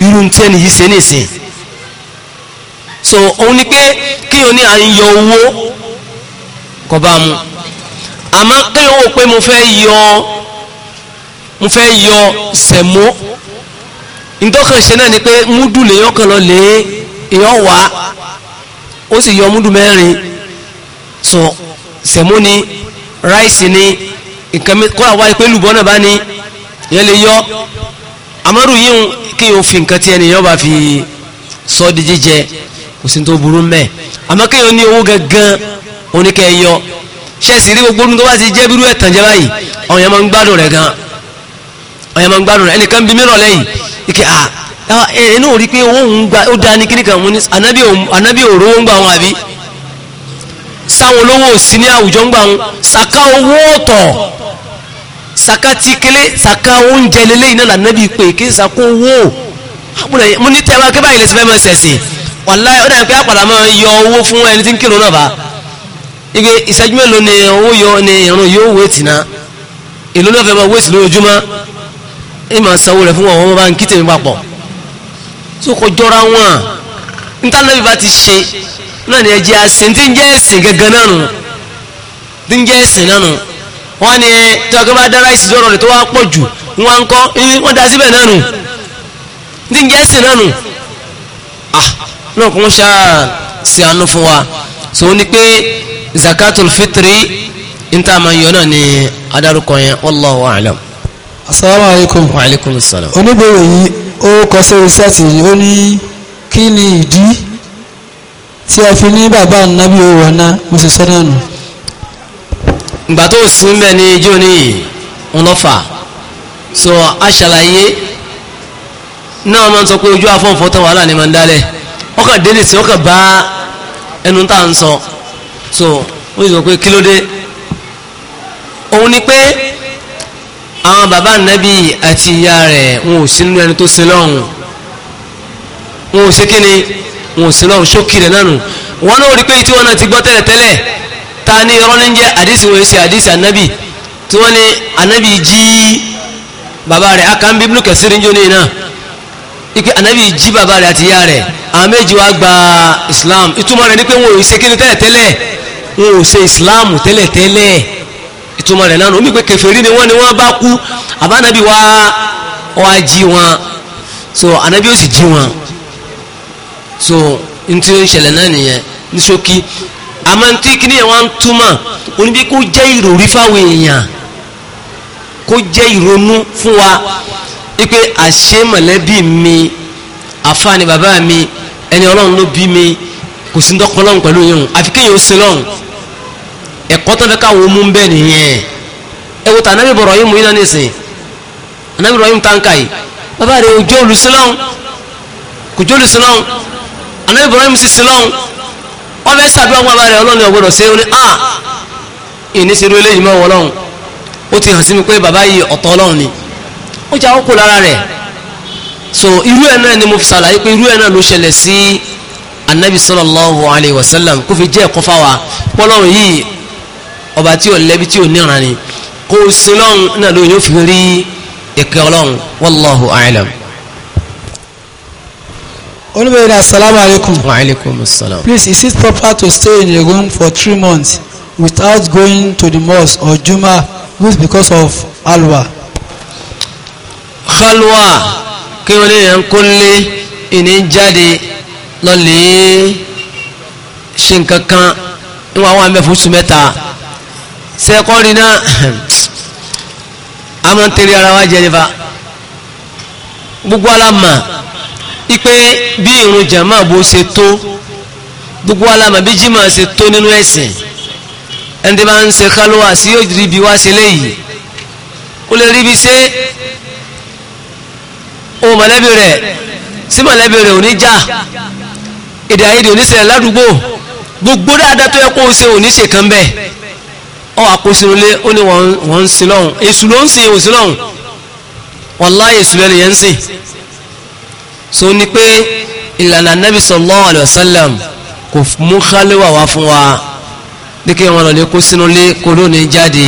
irú tí ẹni yìí ṣe ní ìsìn so òun ni pé kí o ní à ń yọ owó kọ bá mu àmọ́ pé o pé mo fẹ́ yọ mo fẹ́ yọ sẹ̀mó ntọ́kàn ṣe náà ni pé múdù lèyàn kan lọ lé èèyàn wá ó sì yọ múdù mẹ́rin so sẹ̀mó ni ráìsì ni nǹkan mi kóra wáyé pé lùbọ́ náà bá ní ìyẹn lè yọ amadu yíyún kí yóò fi nǹkan tí ẹnìyàn bá fi sọ di jíjẹ kò sí tó burú mẹ́ àmọ́ kí yóò ní owó gangan oníkẹ́ yọ ṣẹ́ẹ̀sì rí gbogbo ohun tó jẹ́ bírú ẹ̀tàn jẹ́ báyìí àwọn èèyàn máa ń gbádùn rẹ̀ gan àwọn èèyàn máa ń gbádùn rẹ̀ ẹnìkan bí mìíràn lẹ́yìn ike à ẹnu ò rí pé owó òun gba ó da ní kíníkan òun ní anábì ń gba àwọn àbí táwọn olówó sí ní àwùjọ ń gbà ń sàká owó ọ̀tọ̀ sàká tí kélé sàká oúnjẹ lélẹ́ iná lànàbí pé kí sàká owó mo ní tẹ́wàá kí báyìí lè fẹ́ mọ́ sẹ̀sìn wàláhí ó dàbí pé àpàdà máa yọ owó fún ẹni tí ń kírun náà bá igi ìṣẹ́jú mélòó ni owó yọ ni ìrún yóò wéètì náà ìlú náà fẹ́ máa wéètì lójoojúmọ́ ìmọ̀ sanwó rẹ̀ fún wọn wọn bá ń kí tèmi papọ̀ tó kọjọ́ra wọn ntànàbí bá ti ṣe náà ni ẹjẹ́ àsìn tí ń jẹ́ ẹ̀sìn gangan náà nù tí ń jẹ́ ẹ̀sìn náà nù wọ́n ní tí ọkọ̀ bá dára ìsìn sọ̀rọ̀ rẹ̀ tó wá pọ̀ jù wọ́n ń kọ́ wọ́n da síbẹ̀ náà nù tí ń jẹ́ ẹ̀sìn náà nù ah, náà kò ń ṣá sí àánú fún wa so ní pé zakatul fitri ń máa yọ náà ni adarúkọ yẹn wallahu a'lam. asalaamualeykum.
wa aleykum salaam. oníbèrè yìí ó kọ sórí sẹ́ẹ̀tì yìí ó ní kí ni ìdí tí a fi ní bàbá ànábì owó ọ̀nà mo sì sọ nù.
ìgbà tó sì ń bẹ ní ijó ní ńlọ́fà so a ṣàlàyé náà máa ń sọ pé ojú afọ́nfọ́ tán wàhálà ni máa ń dálẹ̀ ọkàn délé sí ọkàn bá ẹnu tá à ń sọ so ó sì sọ pé kí ló dé òun ni pé àwọn bàbá ànábì àti ìyá rẹ̀ wọn ò sí nínú ẹni tó sin lọ́hùn wọn ò sí kíni wọn ò sí lọ́run ṣókì rẹ̀ nánu wọn náà rí pé tí wọn náà ti gbọ́ tẹ́lẹ̀ tẹ́lẹ̀ ta ni irọ́ ní jẹ́ àdísì wọn ṣe àdísì ànábì tí wọ́n ní anabi jí bàbá rẹ̀ akambi ibn Kasir ń jó ní iná ipe ànábì jí bàbá rẹ̀ àti ìyá rẹ̀ àwọn méjì wá gba Islam ìtumọ̀ rẹ̀ ni pé wọn ò ṣe kíni tẹ́lẹ̀ wọn ò ṣe Islam tẹ́lẹ̀ tẹ́lẹ̀ ìtumọ̀ rẹ̀ náà omi pé kèfèrí ni wọ́n ni wọ́n bá kú àbánabi wá wá jí wọn so anabi ó sì jí wọn so n tí ó ń ṣẹlẹ̀ náà nìyẹn ní ṣókí àmọ́ tí kí ni wọ́n ń túmọ̀ oníbi kó jẹ́ ìròrí fáwọn èèyàn kó jẹ́ ìrònú fún wa wípé àṣé mọ̀lẹ́bí mi àfáàní bàbá mi ẹni ọlọ́run ló bí mi kò sí dọ́kọ̀ ọlọ́run pẹ̀lú yẹn o àfi kéèyàn ó sin lọ́run ẹ̀kọ́ tó fẹ́ káwọn mú bẹ́ẹ̀ nìyẹn ẹ wò tà ànábì Ibrahim yìí náà nìsín ànábì Ibrahim táǹkà yìí bàbá rẹ̀ òjò olùsílọ́run kò jó olùsílọ́run anabi ibrahim sì sin lọ́hùn wọ́n fẹ́ sàdúrà wọn abalẹ̀ ọlọ́run ò gbọ́dọ̀ ṣe é ó ní eléyìí mọ́ wọn lọ́hùn ó ti hàn sí mi pé bàbá yìí ọ̀tọ̀ ọlọ́run ni ó jà ó kó lára rẹ̀ so irú ẹ̀ náà ni mo fi ṣàlàyé pé irú ẹ̀ náà ló ṣẹlẹ̀ sí anabi sallallahu alayhi wa sallam kó fi jẹ́ ẹ̀kọ́ fáwa pọ́lọ́run yìí ọba tí ò lẹ́bi tí ò níran ni kó sin lọ́hùn náà lóyún ó fi rí ìkẹ́ ọlọ́run wallahu a'lam olùbẹ̀rẹ̀ asalaamu alaikum. wa alaykum asalaam.
please is it proper to stay in a room for three months without going to the mosque or juma just because of halwa.
khalwa kí wọ́n lè yàn kó lé ìní jáde lọ́lẹ̀ ṣe nǹkan kan níwọ̀n àwọn amẹ́fọ́ oṣù mẹ́ta sẹ́kọ́rì náà a máa ń tẹ̀lé ara wa jẹ́ nípa gbogbo aláma ipe bí irun jama bó ṣe tó gbogbo alama bí jimá ṣe tó nínú ẹ̀sìn ẹni tí bá ń ṣe kálówà sí yóò bí wá ṣe léyìí kó lè rí bí ṣe o mọ̀lẹ́bí rẹ̀ sí mọ̀lẹ́bí rẹ̀ oníjà èdè àìyedè oníṣẹ̀lẹ̀ ládùúgbò gbogbo dáadáa tó yẹ kó o ṣe oníṣe kan bẹ́ẹ̀ ọ àkóṣinulé ó ní wọ́n ń sin lọ́hùn èṣù ló ń sin òsín lọ́hùn wàláyé èṣù lẹ́nu yẹn ń sìn so ni pé ìlànà anabi sallallahu alayhi wa sallam kò mú kálíwà wá fún wa ní kí wọn lọlé kó sínú lé kó lónìí jáde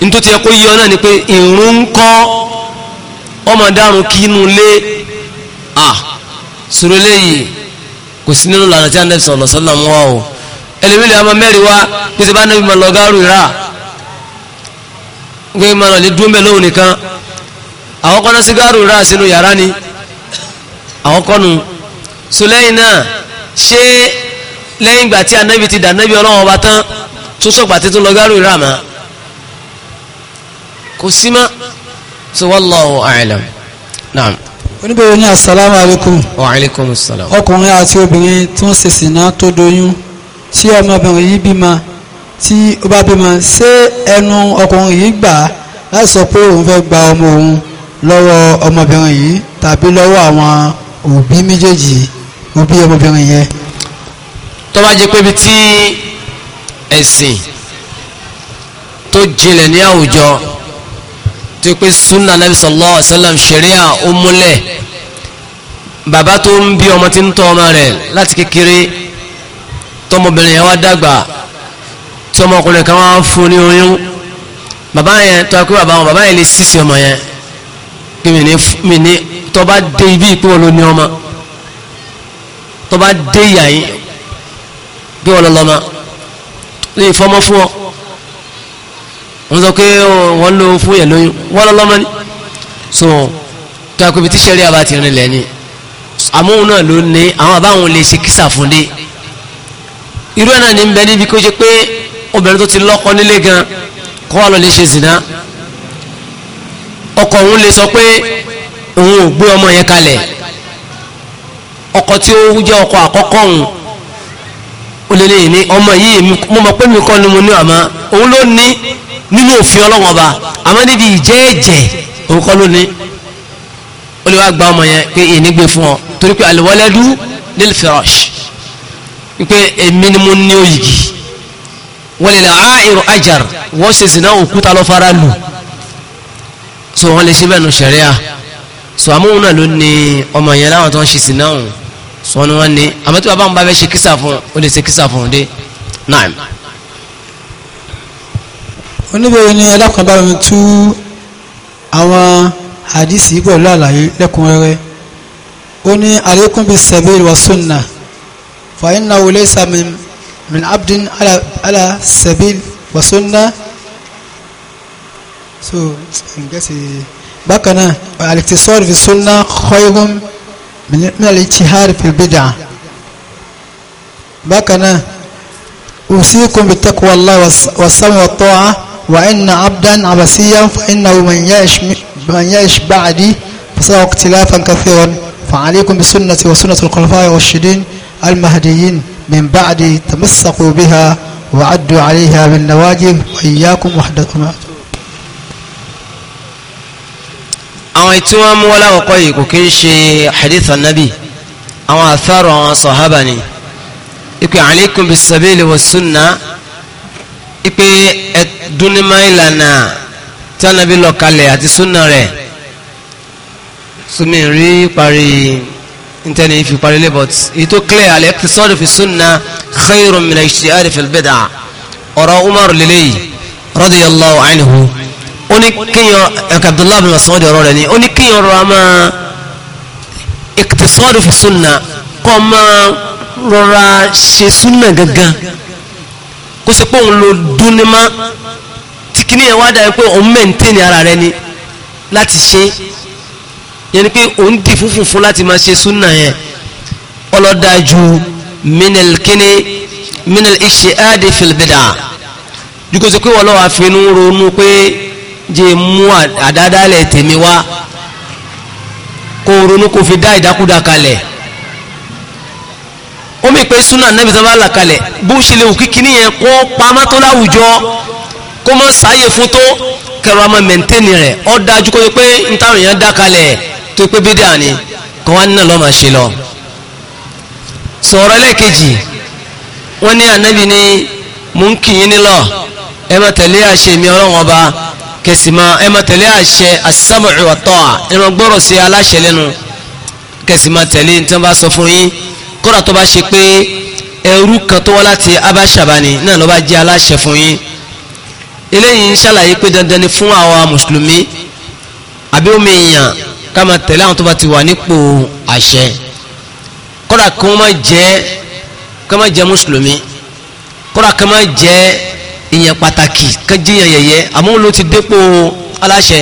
nítorí ẹ kó yọ náà ni pé ìrún ń kọ́ ọmọ dárun kí inú lé ah sọ̀rọ̀ eléyìí kò sí nínú lànà tí anabi sallallahu alayhi wa sallam wá o ẹlẹ́mìlẹ́ ọmọ mẹ́rin wá bí ti bá anabi mọ̀ lọ́gàrú ìrà gbé mọ̀ lọ́lé dúnbẹ̀ lóhùn nìkan àwọn kọ́nà sígáàrù rà sínú yàrá ni àwọn kọ́nu so lẹ́yìn náà ṣé lẹ́yìn ìgbà tí anabi ti dà anabi ọlọ́wọ́n ọba tán tó sọ̀gbà tí tó ìràmà kò sí mọ́ so wallahu a'lam naam oníbẹ̀rẹ̀ ní assalamu alaikum wa alaikum assalam
ọkùnrin àti obìnrin tí wọ́n ṣe sìnà tó doyún tí ọmọbìnrin yìí bímọ tí ó bá bímọ ṣé ẹnu ọkùnrin yìí gbà láti sọ pé òun fẹ́ gba ọmọ òun lọ́wọ́ ọmọbìnrin yìí tàbí lọ́wọ́ àwọn òbí méjèèjì òbí ọmọbìnrin yẹn.
tó bá jẹ́ pé ibi tí ẹ̀sìn tó jinlẹ̀ ní àwùjọ tó pé sunna nabi sallallahu alaihi wasallam sharia ó múlẹ̀ bàbá tó ń bí ọmọ tí ń tọ́ ọmọ rẹ̀ láti kékeré tọmọbìnrin yẹn wá dàgbà tí ọmọkùnrin kan wá fún ní oyún bàbá yẹn tó a pé bàbá wọn bàbá yẹn lè sísè ọmọ yẹn pé mi ní tọba dé ibi ìpín wọn ló ní ọmọ tọba dé ìyá yín bí wọn lọ lọ ma lè fún ọ wọn sọ pé wọn lò fún yẹn lóyún wọn lọ lọ ni so tó a kò fi tí sẹ́rí àbá ti rìn lẹ́ni àmóhun náà ló ní àwọn àbáwọn lè ṣe kísà fún dé irú ẹ̀ náà ní bẹ níbi kó ṣe pé obìnrin tó ti lọ́kọ nílé gan kó wà lọ lè ṣe zìnà ọkọ òun lè sọ pé òun ò gbé ọmọ yẹn kalẹ̀ ọkọ tí ó jẹ́ ọkọ àkọ́kọ́ òun ó lè léyìn ní ọmọ yìí mo mọ̀ pé mi kọ́ ni mo ní àmọ́ òun ló ní nínú òfin ọlọ́wọ́n ọba àmọ́ níbi ìjẹ́ẹ̀jẹ̀ òun kọ́ ló ní ó lè wá gba ọmọ yẹn pé èyí ní gbé fún ọ torí pé àlùwọ́lẹ́dú lil firash wípé èmi ni mo ní òyìgì wọ́n lè lọ àìrò ajar wọ́n ṣe sìnà òkúta lọ́ lù so wọ́n lè ṣe bẹ́ẹ̀ nù ṣẹ̀ríà so amóhun náà ló ní ọmọ yẹn láwọn tó ń ṣe sí náà so wọn wọn ní àmọ́ bàbá wọn bá fẹ́ ṣe kísà fún ó lè ṣe kísà fún un dé náà.
oníbẹ̀rẹ̀ ni ẹlẹ́kùn bá mi tú àwọn hadisi pẹ̀lú àlàyé lẹ́kùnrẹ́rẹ́ ó ní alaykum bis sabil wa sunna fa innahu laysa min min abdin ala ala sabil wa sunna so n gẹ́sì. بكنا الاقتصار في السنة خير من الاجتهاد في البدعة بكنا أوصيكم بالتقوى الله والصوم والطاعة وإن عبدا عبسيا فإنه من يعش من يعش بعدي فصار اختلافا كثيرا فعليكم بسنة وسنة الخلفاء الراشدين المهديين من بعدي تمسكوا بها وعدوا عليها بالنواجذ وإياكم وحدكم
àwọn tí wọ́n mú wọ́n láwọ̀kọ́ yìí kò kí ń ṣe hadith anabi àwọn àtharù àwọn sọ̀hábà ni ipe aleikum bi sabili wa sunna ipe ẹdúnímọ̀ ìlànà tí anabi lọ kalẹ̀ àti sunna rẹ̀ sumi rí parí ntẹni fi parí lébọt èyí tó alẹ́ ti sọ́dọ̀ fi sunna khayrun min al-ijtihad ọ̀rọ̀ umar lélẹ́yìí radiyallahu anhu ó ní kíyàn ẹ̀ka abdullahi bin masoud ọ̀rọ̀ rẹ̀ ni ó ní kíyàn rọra máa iktisadu fi sunna kọ́ máa rọra ṣe sunna gangan kó sì pé òun lo dunima tí kìíní yẹn wá dáa pé òun mẹ́ntẹ́ni ara rẹ̀ ni láti ṣe yẹn ni pé òun dì fúnfún fún láti máa ṣe sunna yẹn ọlọ́dájú minel kíní minel iṣẹ́ adi filibida dukose pé wọ́n lọ́wọ́ àfinú ronú pé jẹ́ mú àdádálẹ̀ tèmi wá kó ronú kó fi dá ìdákúdá kalẹ̀ ó mi pé súnà nẹ́bí tó bá là kalẹ̀ bó ṣe lè wù kíkí níyẹn kó pamọ́ tó láwùjọ kó mọ́ sáyè fún tó kẹrọ ọmọ mẹ́ntẹ́nì rẹ̀ ó dájú kó pé ń táwọn èèyàn dá kalẹ̀ tó pé bídà ni kó wá nínà lọ́mọ ṣe lọ sọ̀rọ̀ lẹ́ẹ̀kejì wọ́n ní ànábì ni mò ń kì í nílọ tẹ̀lé àṣẹ mi ọlọ́run ọba kẹsìmọ́ ẹ máa tẹ̀lé àṣẹ as-sam'u wa ta'a ẹ máa gbọ́rọ̀ sí aláṣẹ lẹ́nu kẹsìmọ́ tẹ̀lé tí wọ́n bá sọ fún yín kódà tó bá ṣe pé ẹrú kan tó wá láti abáṣàbáni náà ló bá jẹ́ aláṣẹ fún yín eléyìí ń ṣàlàyé pé dandan ni fún àwa mùsùlùmí àbí omi èèyàn ká máa tẹ̀lé àwọn tó bá ti wà nípò àṣẹ kódà kí wọ́n má jẹ́ kí wọ́n má jẹ́ mùsùlùmí kódà kí wọ́n má jẹ́ ìyẹn pàtàkì kẹjíyàn yẹyẹ àmọ́ ló ti dépò aláṣẹ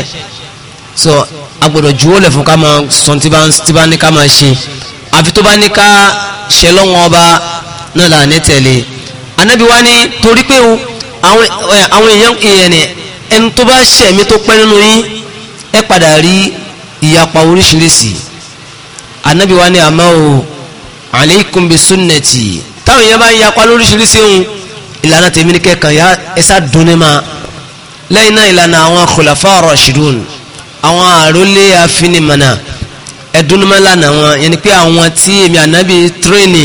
sọ agbọ́dọ̀ juwọ́ lẹ̀ fún ká máa sọ tí bá ní ká máa ṣe àfi tó bá ní ká ṣe lọ́wọ́n ọba náà là ní tẹ̀lé anábì wa ní torí pé àwọn èèyàn ìyẹnì ẹni tó bá ṣẹ̀mí tó pẹ́ nínú yín ẹ padà rí ìyapa oríṣiríṣi anábì wa ní àmọ́ o alaykum bi táwọn èèyàn bá ń yapa lóríṣiríṣi ń ìlànà tèmi ní kẹ́kàn yá ẹ̀sà dunni ma lẹ́yìn náà ìlànà àwọn khulafa rashidun àwọn àrólé afinimọ̀nà ẹ̀dúnnimọ̀ lànà wọn yẹn ni pé àwọn tí èmi ànábì tírénì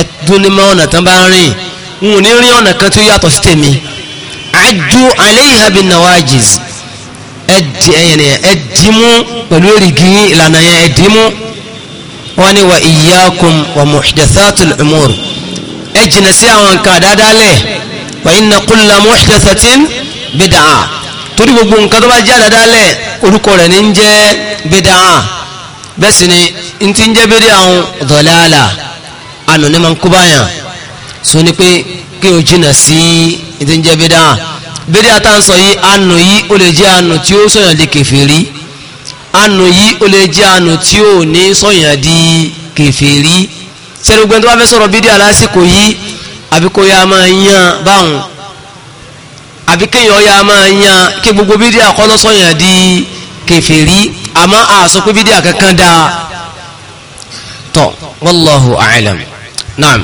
ẹ̀dúnnimọ̀ ọ̀nà tán bá ń rìn n ò ní rí ọ̀nà kan tó yàtọ̀ sí tèmi àjù alayha bin nawajiz ẹ̀dìmú pẹ̀lú èrìgì ìlànà yẹn ẹ̀dìmú wọn ni wa iyyakum wa muhdathatul umur ẹ jìnà sí àwọn nǹkan àdádálẹ̀ wa inna kulla muhdathatin bid'ah torí gbogbo nǹkan tó bá jẹ́ àdádálẹ̀ orúkọ rẹ̀ ní ń jẹ́ bid'ah bẹ́ẹ̀ sì ni n ti ń jẹ́ bídí àwọn dọ̀láàlà àná ní máa ń kó báyàn so ni pé kí o jìnà sí n ti ń jẹ́ bídí bídí àtànsọ yìí àná yìí ó lè jẹ́ àná tí ó sọ̀yàn di kèfèrí àná yìí ó lè jẹ́ àná tí ó ní sọ̀yàn di kèfèrí sẹ́nugbẹ́ tó bá fẹ́ sọ̀rọ̀ bídíà lásìkò yìí àbí kò yá máa yan báwọn àbí kéèyàn yá máa yan kí gbogbo bídíà kọ́ lọ́sọ̀yàn di kèfèrí àmọ́ àsọ pé bídíà kankan dáa tọ̀ wallahu a'lam naam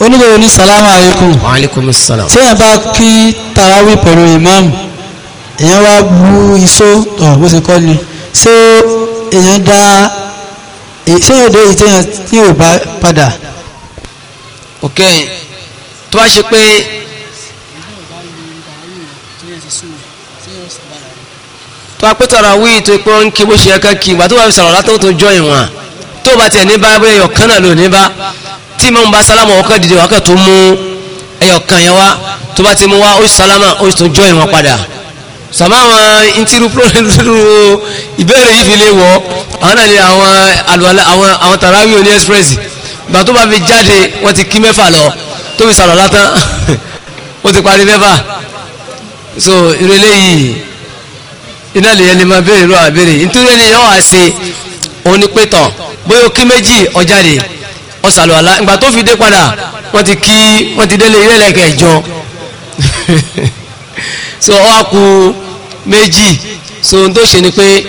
oníbẹ̀rẹ̀ ní salamu alaikum alaikum salam
tí ẹ bá kí tarawí pẹ̀lú imam èèyàn wá bu iṣó tọ̀ bó ṣe kọ́ ni ṣé èèyàn dá ṣé yóò dé ìtẹ́yàn tí yóò bá padà. ok tó bá ṣe pé.
tó bá pé tọ̀rọ̀ wí tó pé ń kí bó ṣe ẹ̀ka kí ìgbà tó bá fi sọ̀rọ̀ látọ̀ tó jọ ìwọ̀n tó bá tiẹ̀ ní bá bóyá ẹ̀yọ̀ kan náà ló ní bá tí mọ̀ ń bá sálámù ọ̀kan dìde wákàtí tó mú ẹ̀yọ̀ yẹn wá tó bá ti mú wá ó sálámà ó tún jọ ìwọ̀n padà sàmáwọn ntiru púrọ́nìtìrú [LAUGHS] ìbéèrè yìí fi lè wọ́ àwọn náà ni àwọn àlùwàlá àwọn àwọn tàràwí oní express ìgbà tó bá fi jáde wọ́n ti kí mẹ́fà lọ tó fi sàrọ̀ látán ó [LAUGHS] ti parí mẹ́fà so ìrẹ̀lẹ̀ yìí iná lè yẹn ni máa béèrè lọ́wọ́ àbèrè nítorí ẹni yẹn wà sí òun ni pé tán bóyá ó kí méjì ọ̀jáde ọ̀sàlùwàlá ìgbà tó fi dé padà wọ́n ti kí wọ́n ti délé ilé ẹlẹ́kẹ̀ẹ́jọ [LAUGHS] so ó wá ku méjì so ohun tó ṣe ni pé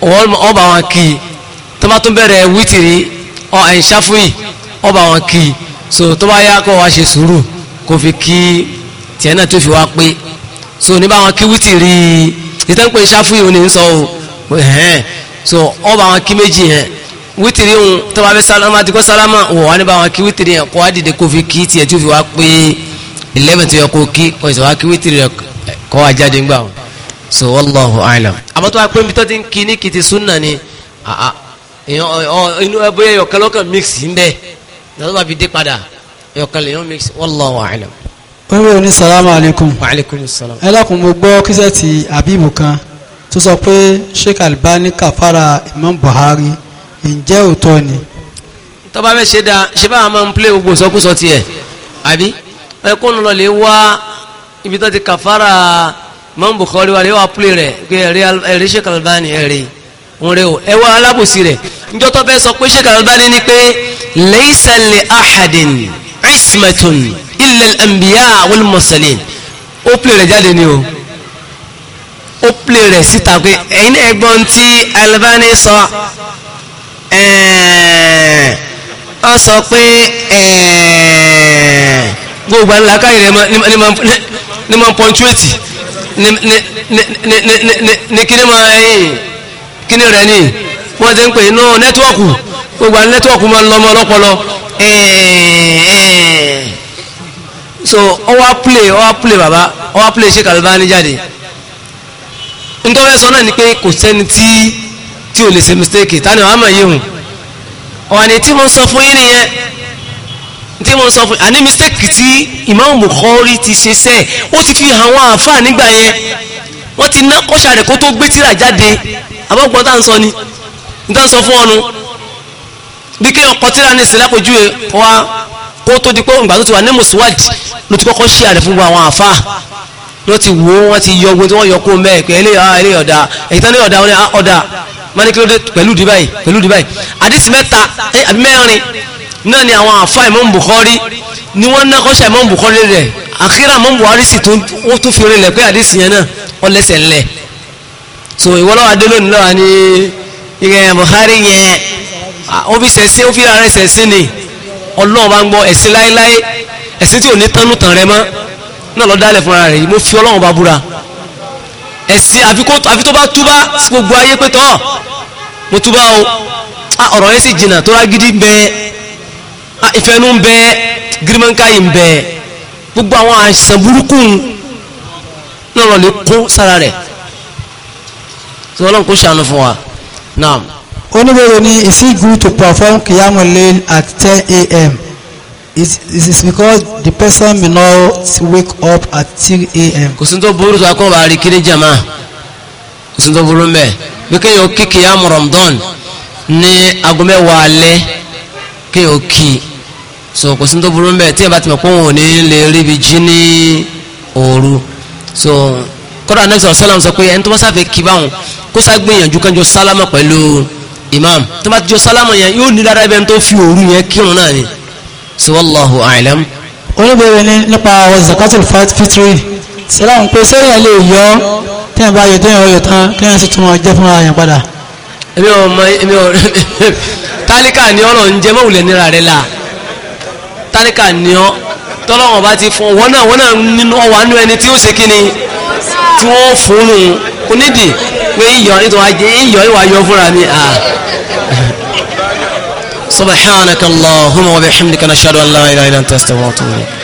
ọba wọn kì í tó bá tún bẹ̀rẹ̀ wítìrí ẹ̀ǹṣáfúyì ọba wọn kì í so tó bá yá kó wá ṣe sùúrù kó fi kí tiẹ̀ náà tó fi wá pé so ní bá wọn kí wítìrí ìtàn pé ẹ̀ǹṣáfúyì òní ń sọ o ẹ̀hẹ́n so ọba wọn kí méjì yẹn wítìrí òun tó bá fẹ́ sálámà àti kó sálámà òun wà ní bá wọn kí wítìrí yẹn kó wá dìde kó fi kí tiẹ̀ tó fi wá pé eleven tó yẹ kó kí kó ìṣòwò kí wítìrí yẹn kó wá jáde ńgbà wọn so wallahu a'lam. àmọ́ tó a pé mi tó ti ń kí ní kìtì súnà ni inú ẹbí ẹyọkan lọ́kàn mix ń bẹ́ẹ̀ lọ́dọ̀ bá fi dé padà ẹyọkan lèyàn mix wallahu a'lam.
wẹ́wẹ́ ní salamu alaykum. wa alaykum salam. ẹ lákun mo gbọ́ kíṣẹ́ ti abibu kan tó sọ pé sheikh albani kàfàrà imam buhari ǹjẹ́ òótọ́ ni. tó bá
ṣe dáa ṣe bá àwọn máa play gbogbo sọkúsọ tiẹ̀ àbí ẹkún lọ lè wá ibi tó ti kàfàrà mọ́n Bukhari wà lè wà púlẹ̀ rẹ̀ pé ẹ̀rí Sheikh Albani ẹ̀rí òun rẹ̀ o ẹwà alábòsí rẹ̀ níjọ́ tó fẹ́ sọ pé Sheikh Albani ni pé laysa li ahadin ismatun illa al-anbiya wal mursalin ó púlẹ̀ rẹ̀ jáde ni o ó púlẹ̀ rẹ̀ síta pé ẹ̀yin ẹ̀gbọ́n tí Albani sọ ọ sọ pé gbogbo àlàkà yìí rẹ̀ ni máa pọ̀ntúwẹ̀tì ní kíní máa ẹ̀yìn kíní rẹ̀ ní wọ́n ti ń pè inú nẹ́tíwọ́ọ̀kù gbogbo àwọn nẹ́tíwọ́ọ̀kù máa ń lọ ọmọ ọlọ́pọlọ so ọwọ́ play ọwọ́ play bàbá ọwọ́ play ṣe kàlùbá ní jáde nítorí ẹ sọ náà ni pé kò sẹ́ni tí tí ò lè ṣe mistake tani ọ̀hámà yìí hùn ọ̀hánì tí mo sọ fún yín nìyẹn tí mo sọ fún àní mistake tí Imam Bukhari ti ṣe sẹ́ ó ti fi hàn wọ́n àfà nígbà yẹn wọ́n ti ná kọ́ṣà rẹ̀ kó tó gbé tíra jáde àbọ̀gbọ́n tá à ń sọ ni n tá ń sọ fún ọnu bí kí ọkọ̀ tíra ní ìsìlẹ̀ àpòjú ẹ̀ kọ́ wa kó tó di pé ìgbà tó ti wà ní mùsùlùmí ló ti kọ́kọ́ ṣe àrẹ fún gbogbo àwọn àfà ló ti wò wọ́n ti yọ ogun tí wọ́n yọ kó mẹ́ẹ̀ pé ah, náà ni àwọn àfá Imam Bukhari ni wọ́n ná kọ́ṣà Imam Bukhari rẹ̀ àkírà Imam Bukhari sì tún ó tún fi rinlẹ̀ pé àdìsí yẹn náà wọ́n lẹ́sẹ̀ ńlẹ̀ so ìwọ́lọ́wà dé lónìí lọ́wọ́ ni ìrìn Bukhari yẹn ó fi sẹ̀sìn ó fi ara sẹ̀sìn ni ọlọ́run bá ń gbọ́ ẹ̀sìn láéláé ẹ̀sìn tí ò ní tánú tàn rẹ mọ́ náà lọ dálẹ̀ fúnra rẹ̀ mo fi ọlọ́run bá búra ẹ̀sìn àfi tó bá gidi bẹ́ẹ̀ ìfẹ́nu ń bẹ gírímọ́nká yìí ń bẹ gbogbo àwọn àìsàn burúkú náà lọ lè kó sára rẹ̀ tí wọ́n lọ́n kó ṣàánú fún wa náà.
oníbẹ̀rẹ̀ ni is it good to perform qiyamul layl at ten a.m. It, is because the person may not wake up at
three a.m. kò sí tó burú tó akọ́ bá rí kiri jama kò sí tó burú mbẹ́ bí kéèyàn kí qiyam Ramadan ní aago mẹ́wàá alẹ́ kéèyàn kí so kò sí ní tó burú ń bẹ̀ tí ẹ bá ti mọ̀ pé òun ò ní lè ríbi jí ní òru so kọ́dà anabi sọ̀rọ̀ sálàmù sọ pé ẹni tó bá sáfẹ́ kí báwọn kó sá gbìyànjú kánjọ sálámà pẹ̀lú imam tó bá ti jọ sálámà yẹn yóò ní dáadáa ibẹ̀ tó fi òru yẹn kírun náà ni so wallahu a'lam. oníbẹ̀rẹ̀ ni nípa zakatul fitri
sálàmù pé sẹ́yìn lè yọ tí wọ́n bá yọ tí wọ́n yọ tán kí wọ́n sì tún wọn jẹ́ fúnra yẹn padà.
èmi ò mọ èmi ò [LAUGHS] tálíkà ni ọ̀rọ̀ ń jẹ́ mọ́wùlẹ̀ nira tálíkà ni ọ́ tọ́lọ́wọ̀n bá ti fún wọn náà wọn náà nínú ọwà nú ẹni tí ó ṣe kí ni tí wọ́n fún un kò nídìí pé iyọ̀ nítorí ajé iyọ̀ ìwà yọ fúnra mi à. subhanaka allahumma wa bihamdika nashhadu an la ilaha illa anta astaghfiruka wa atubu ilayk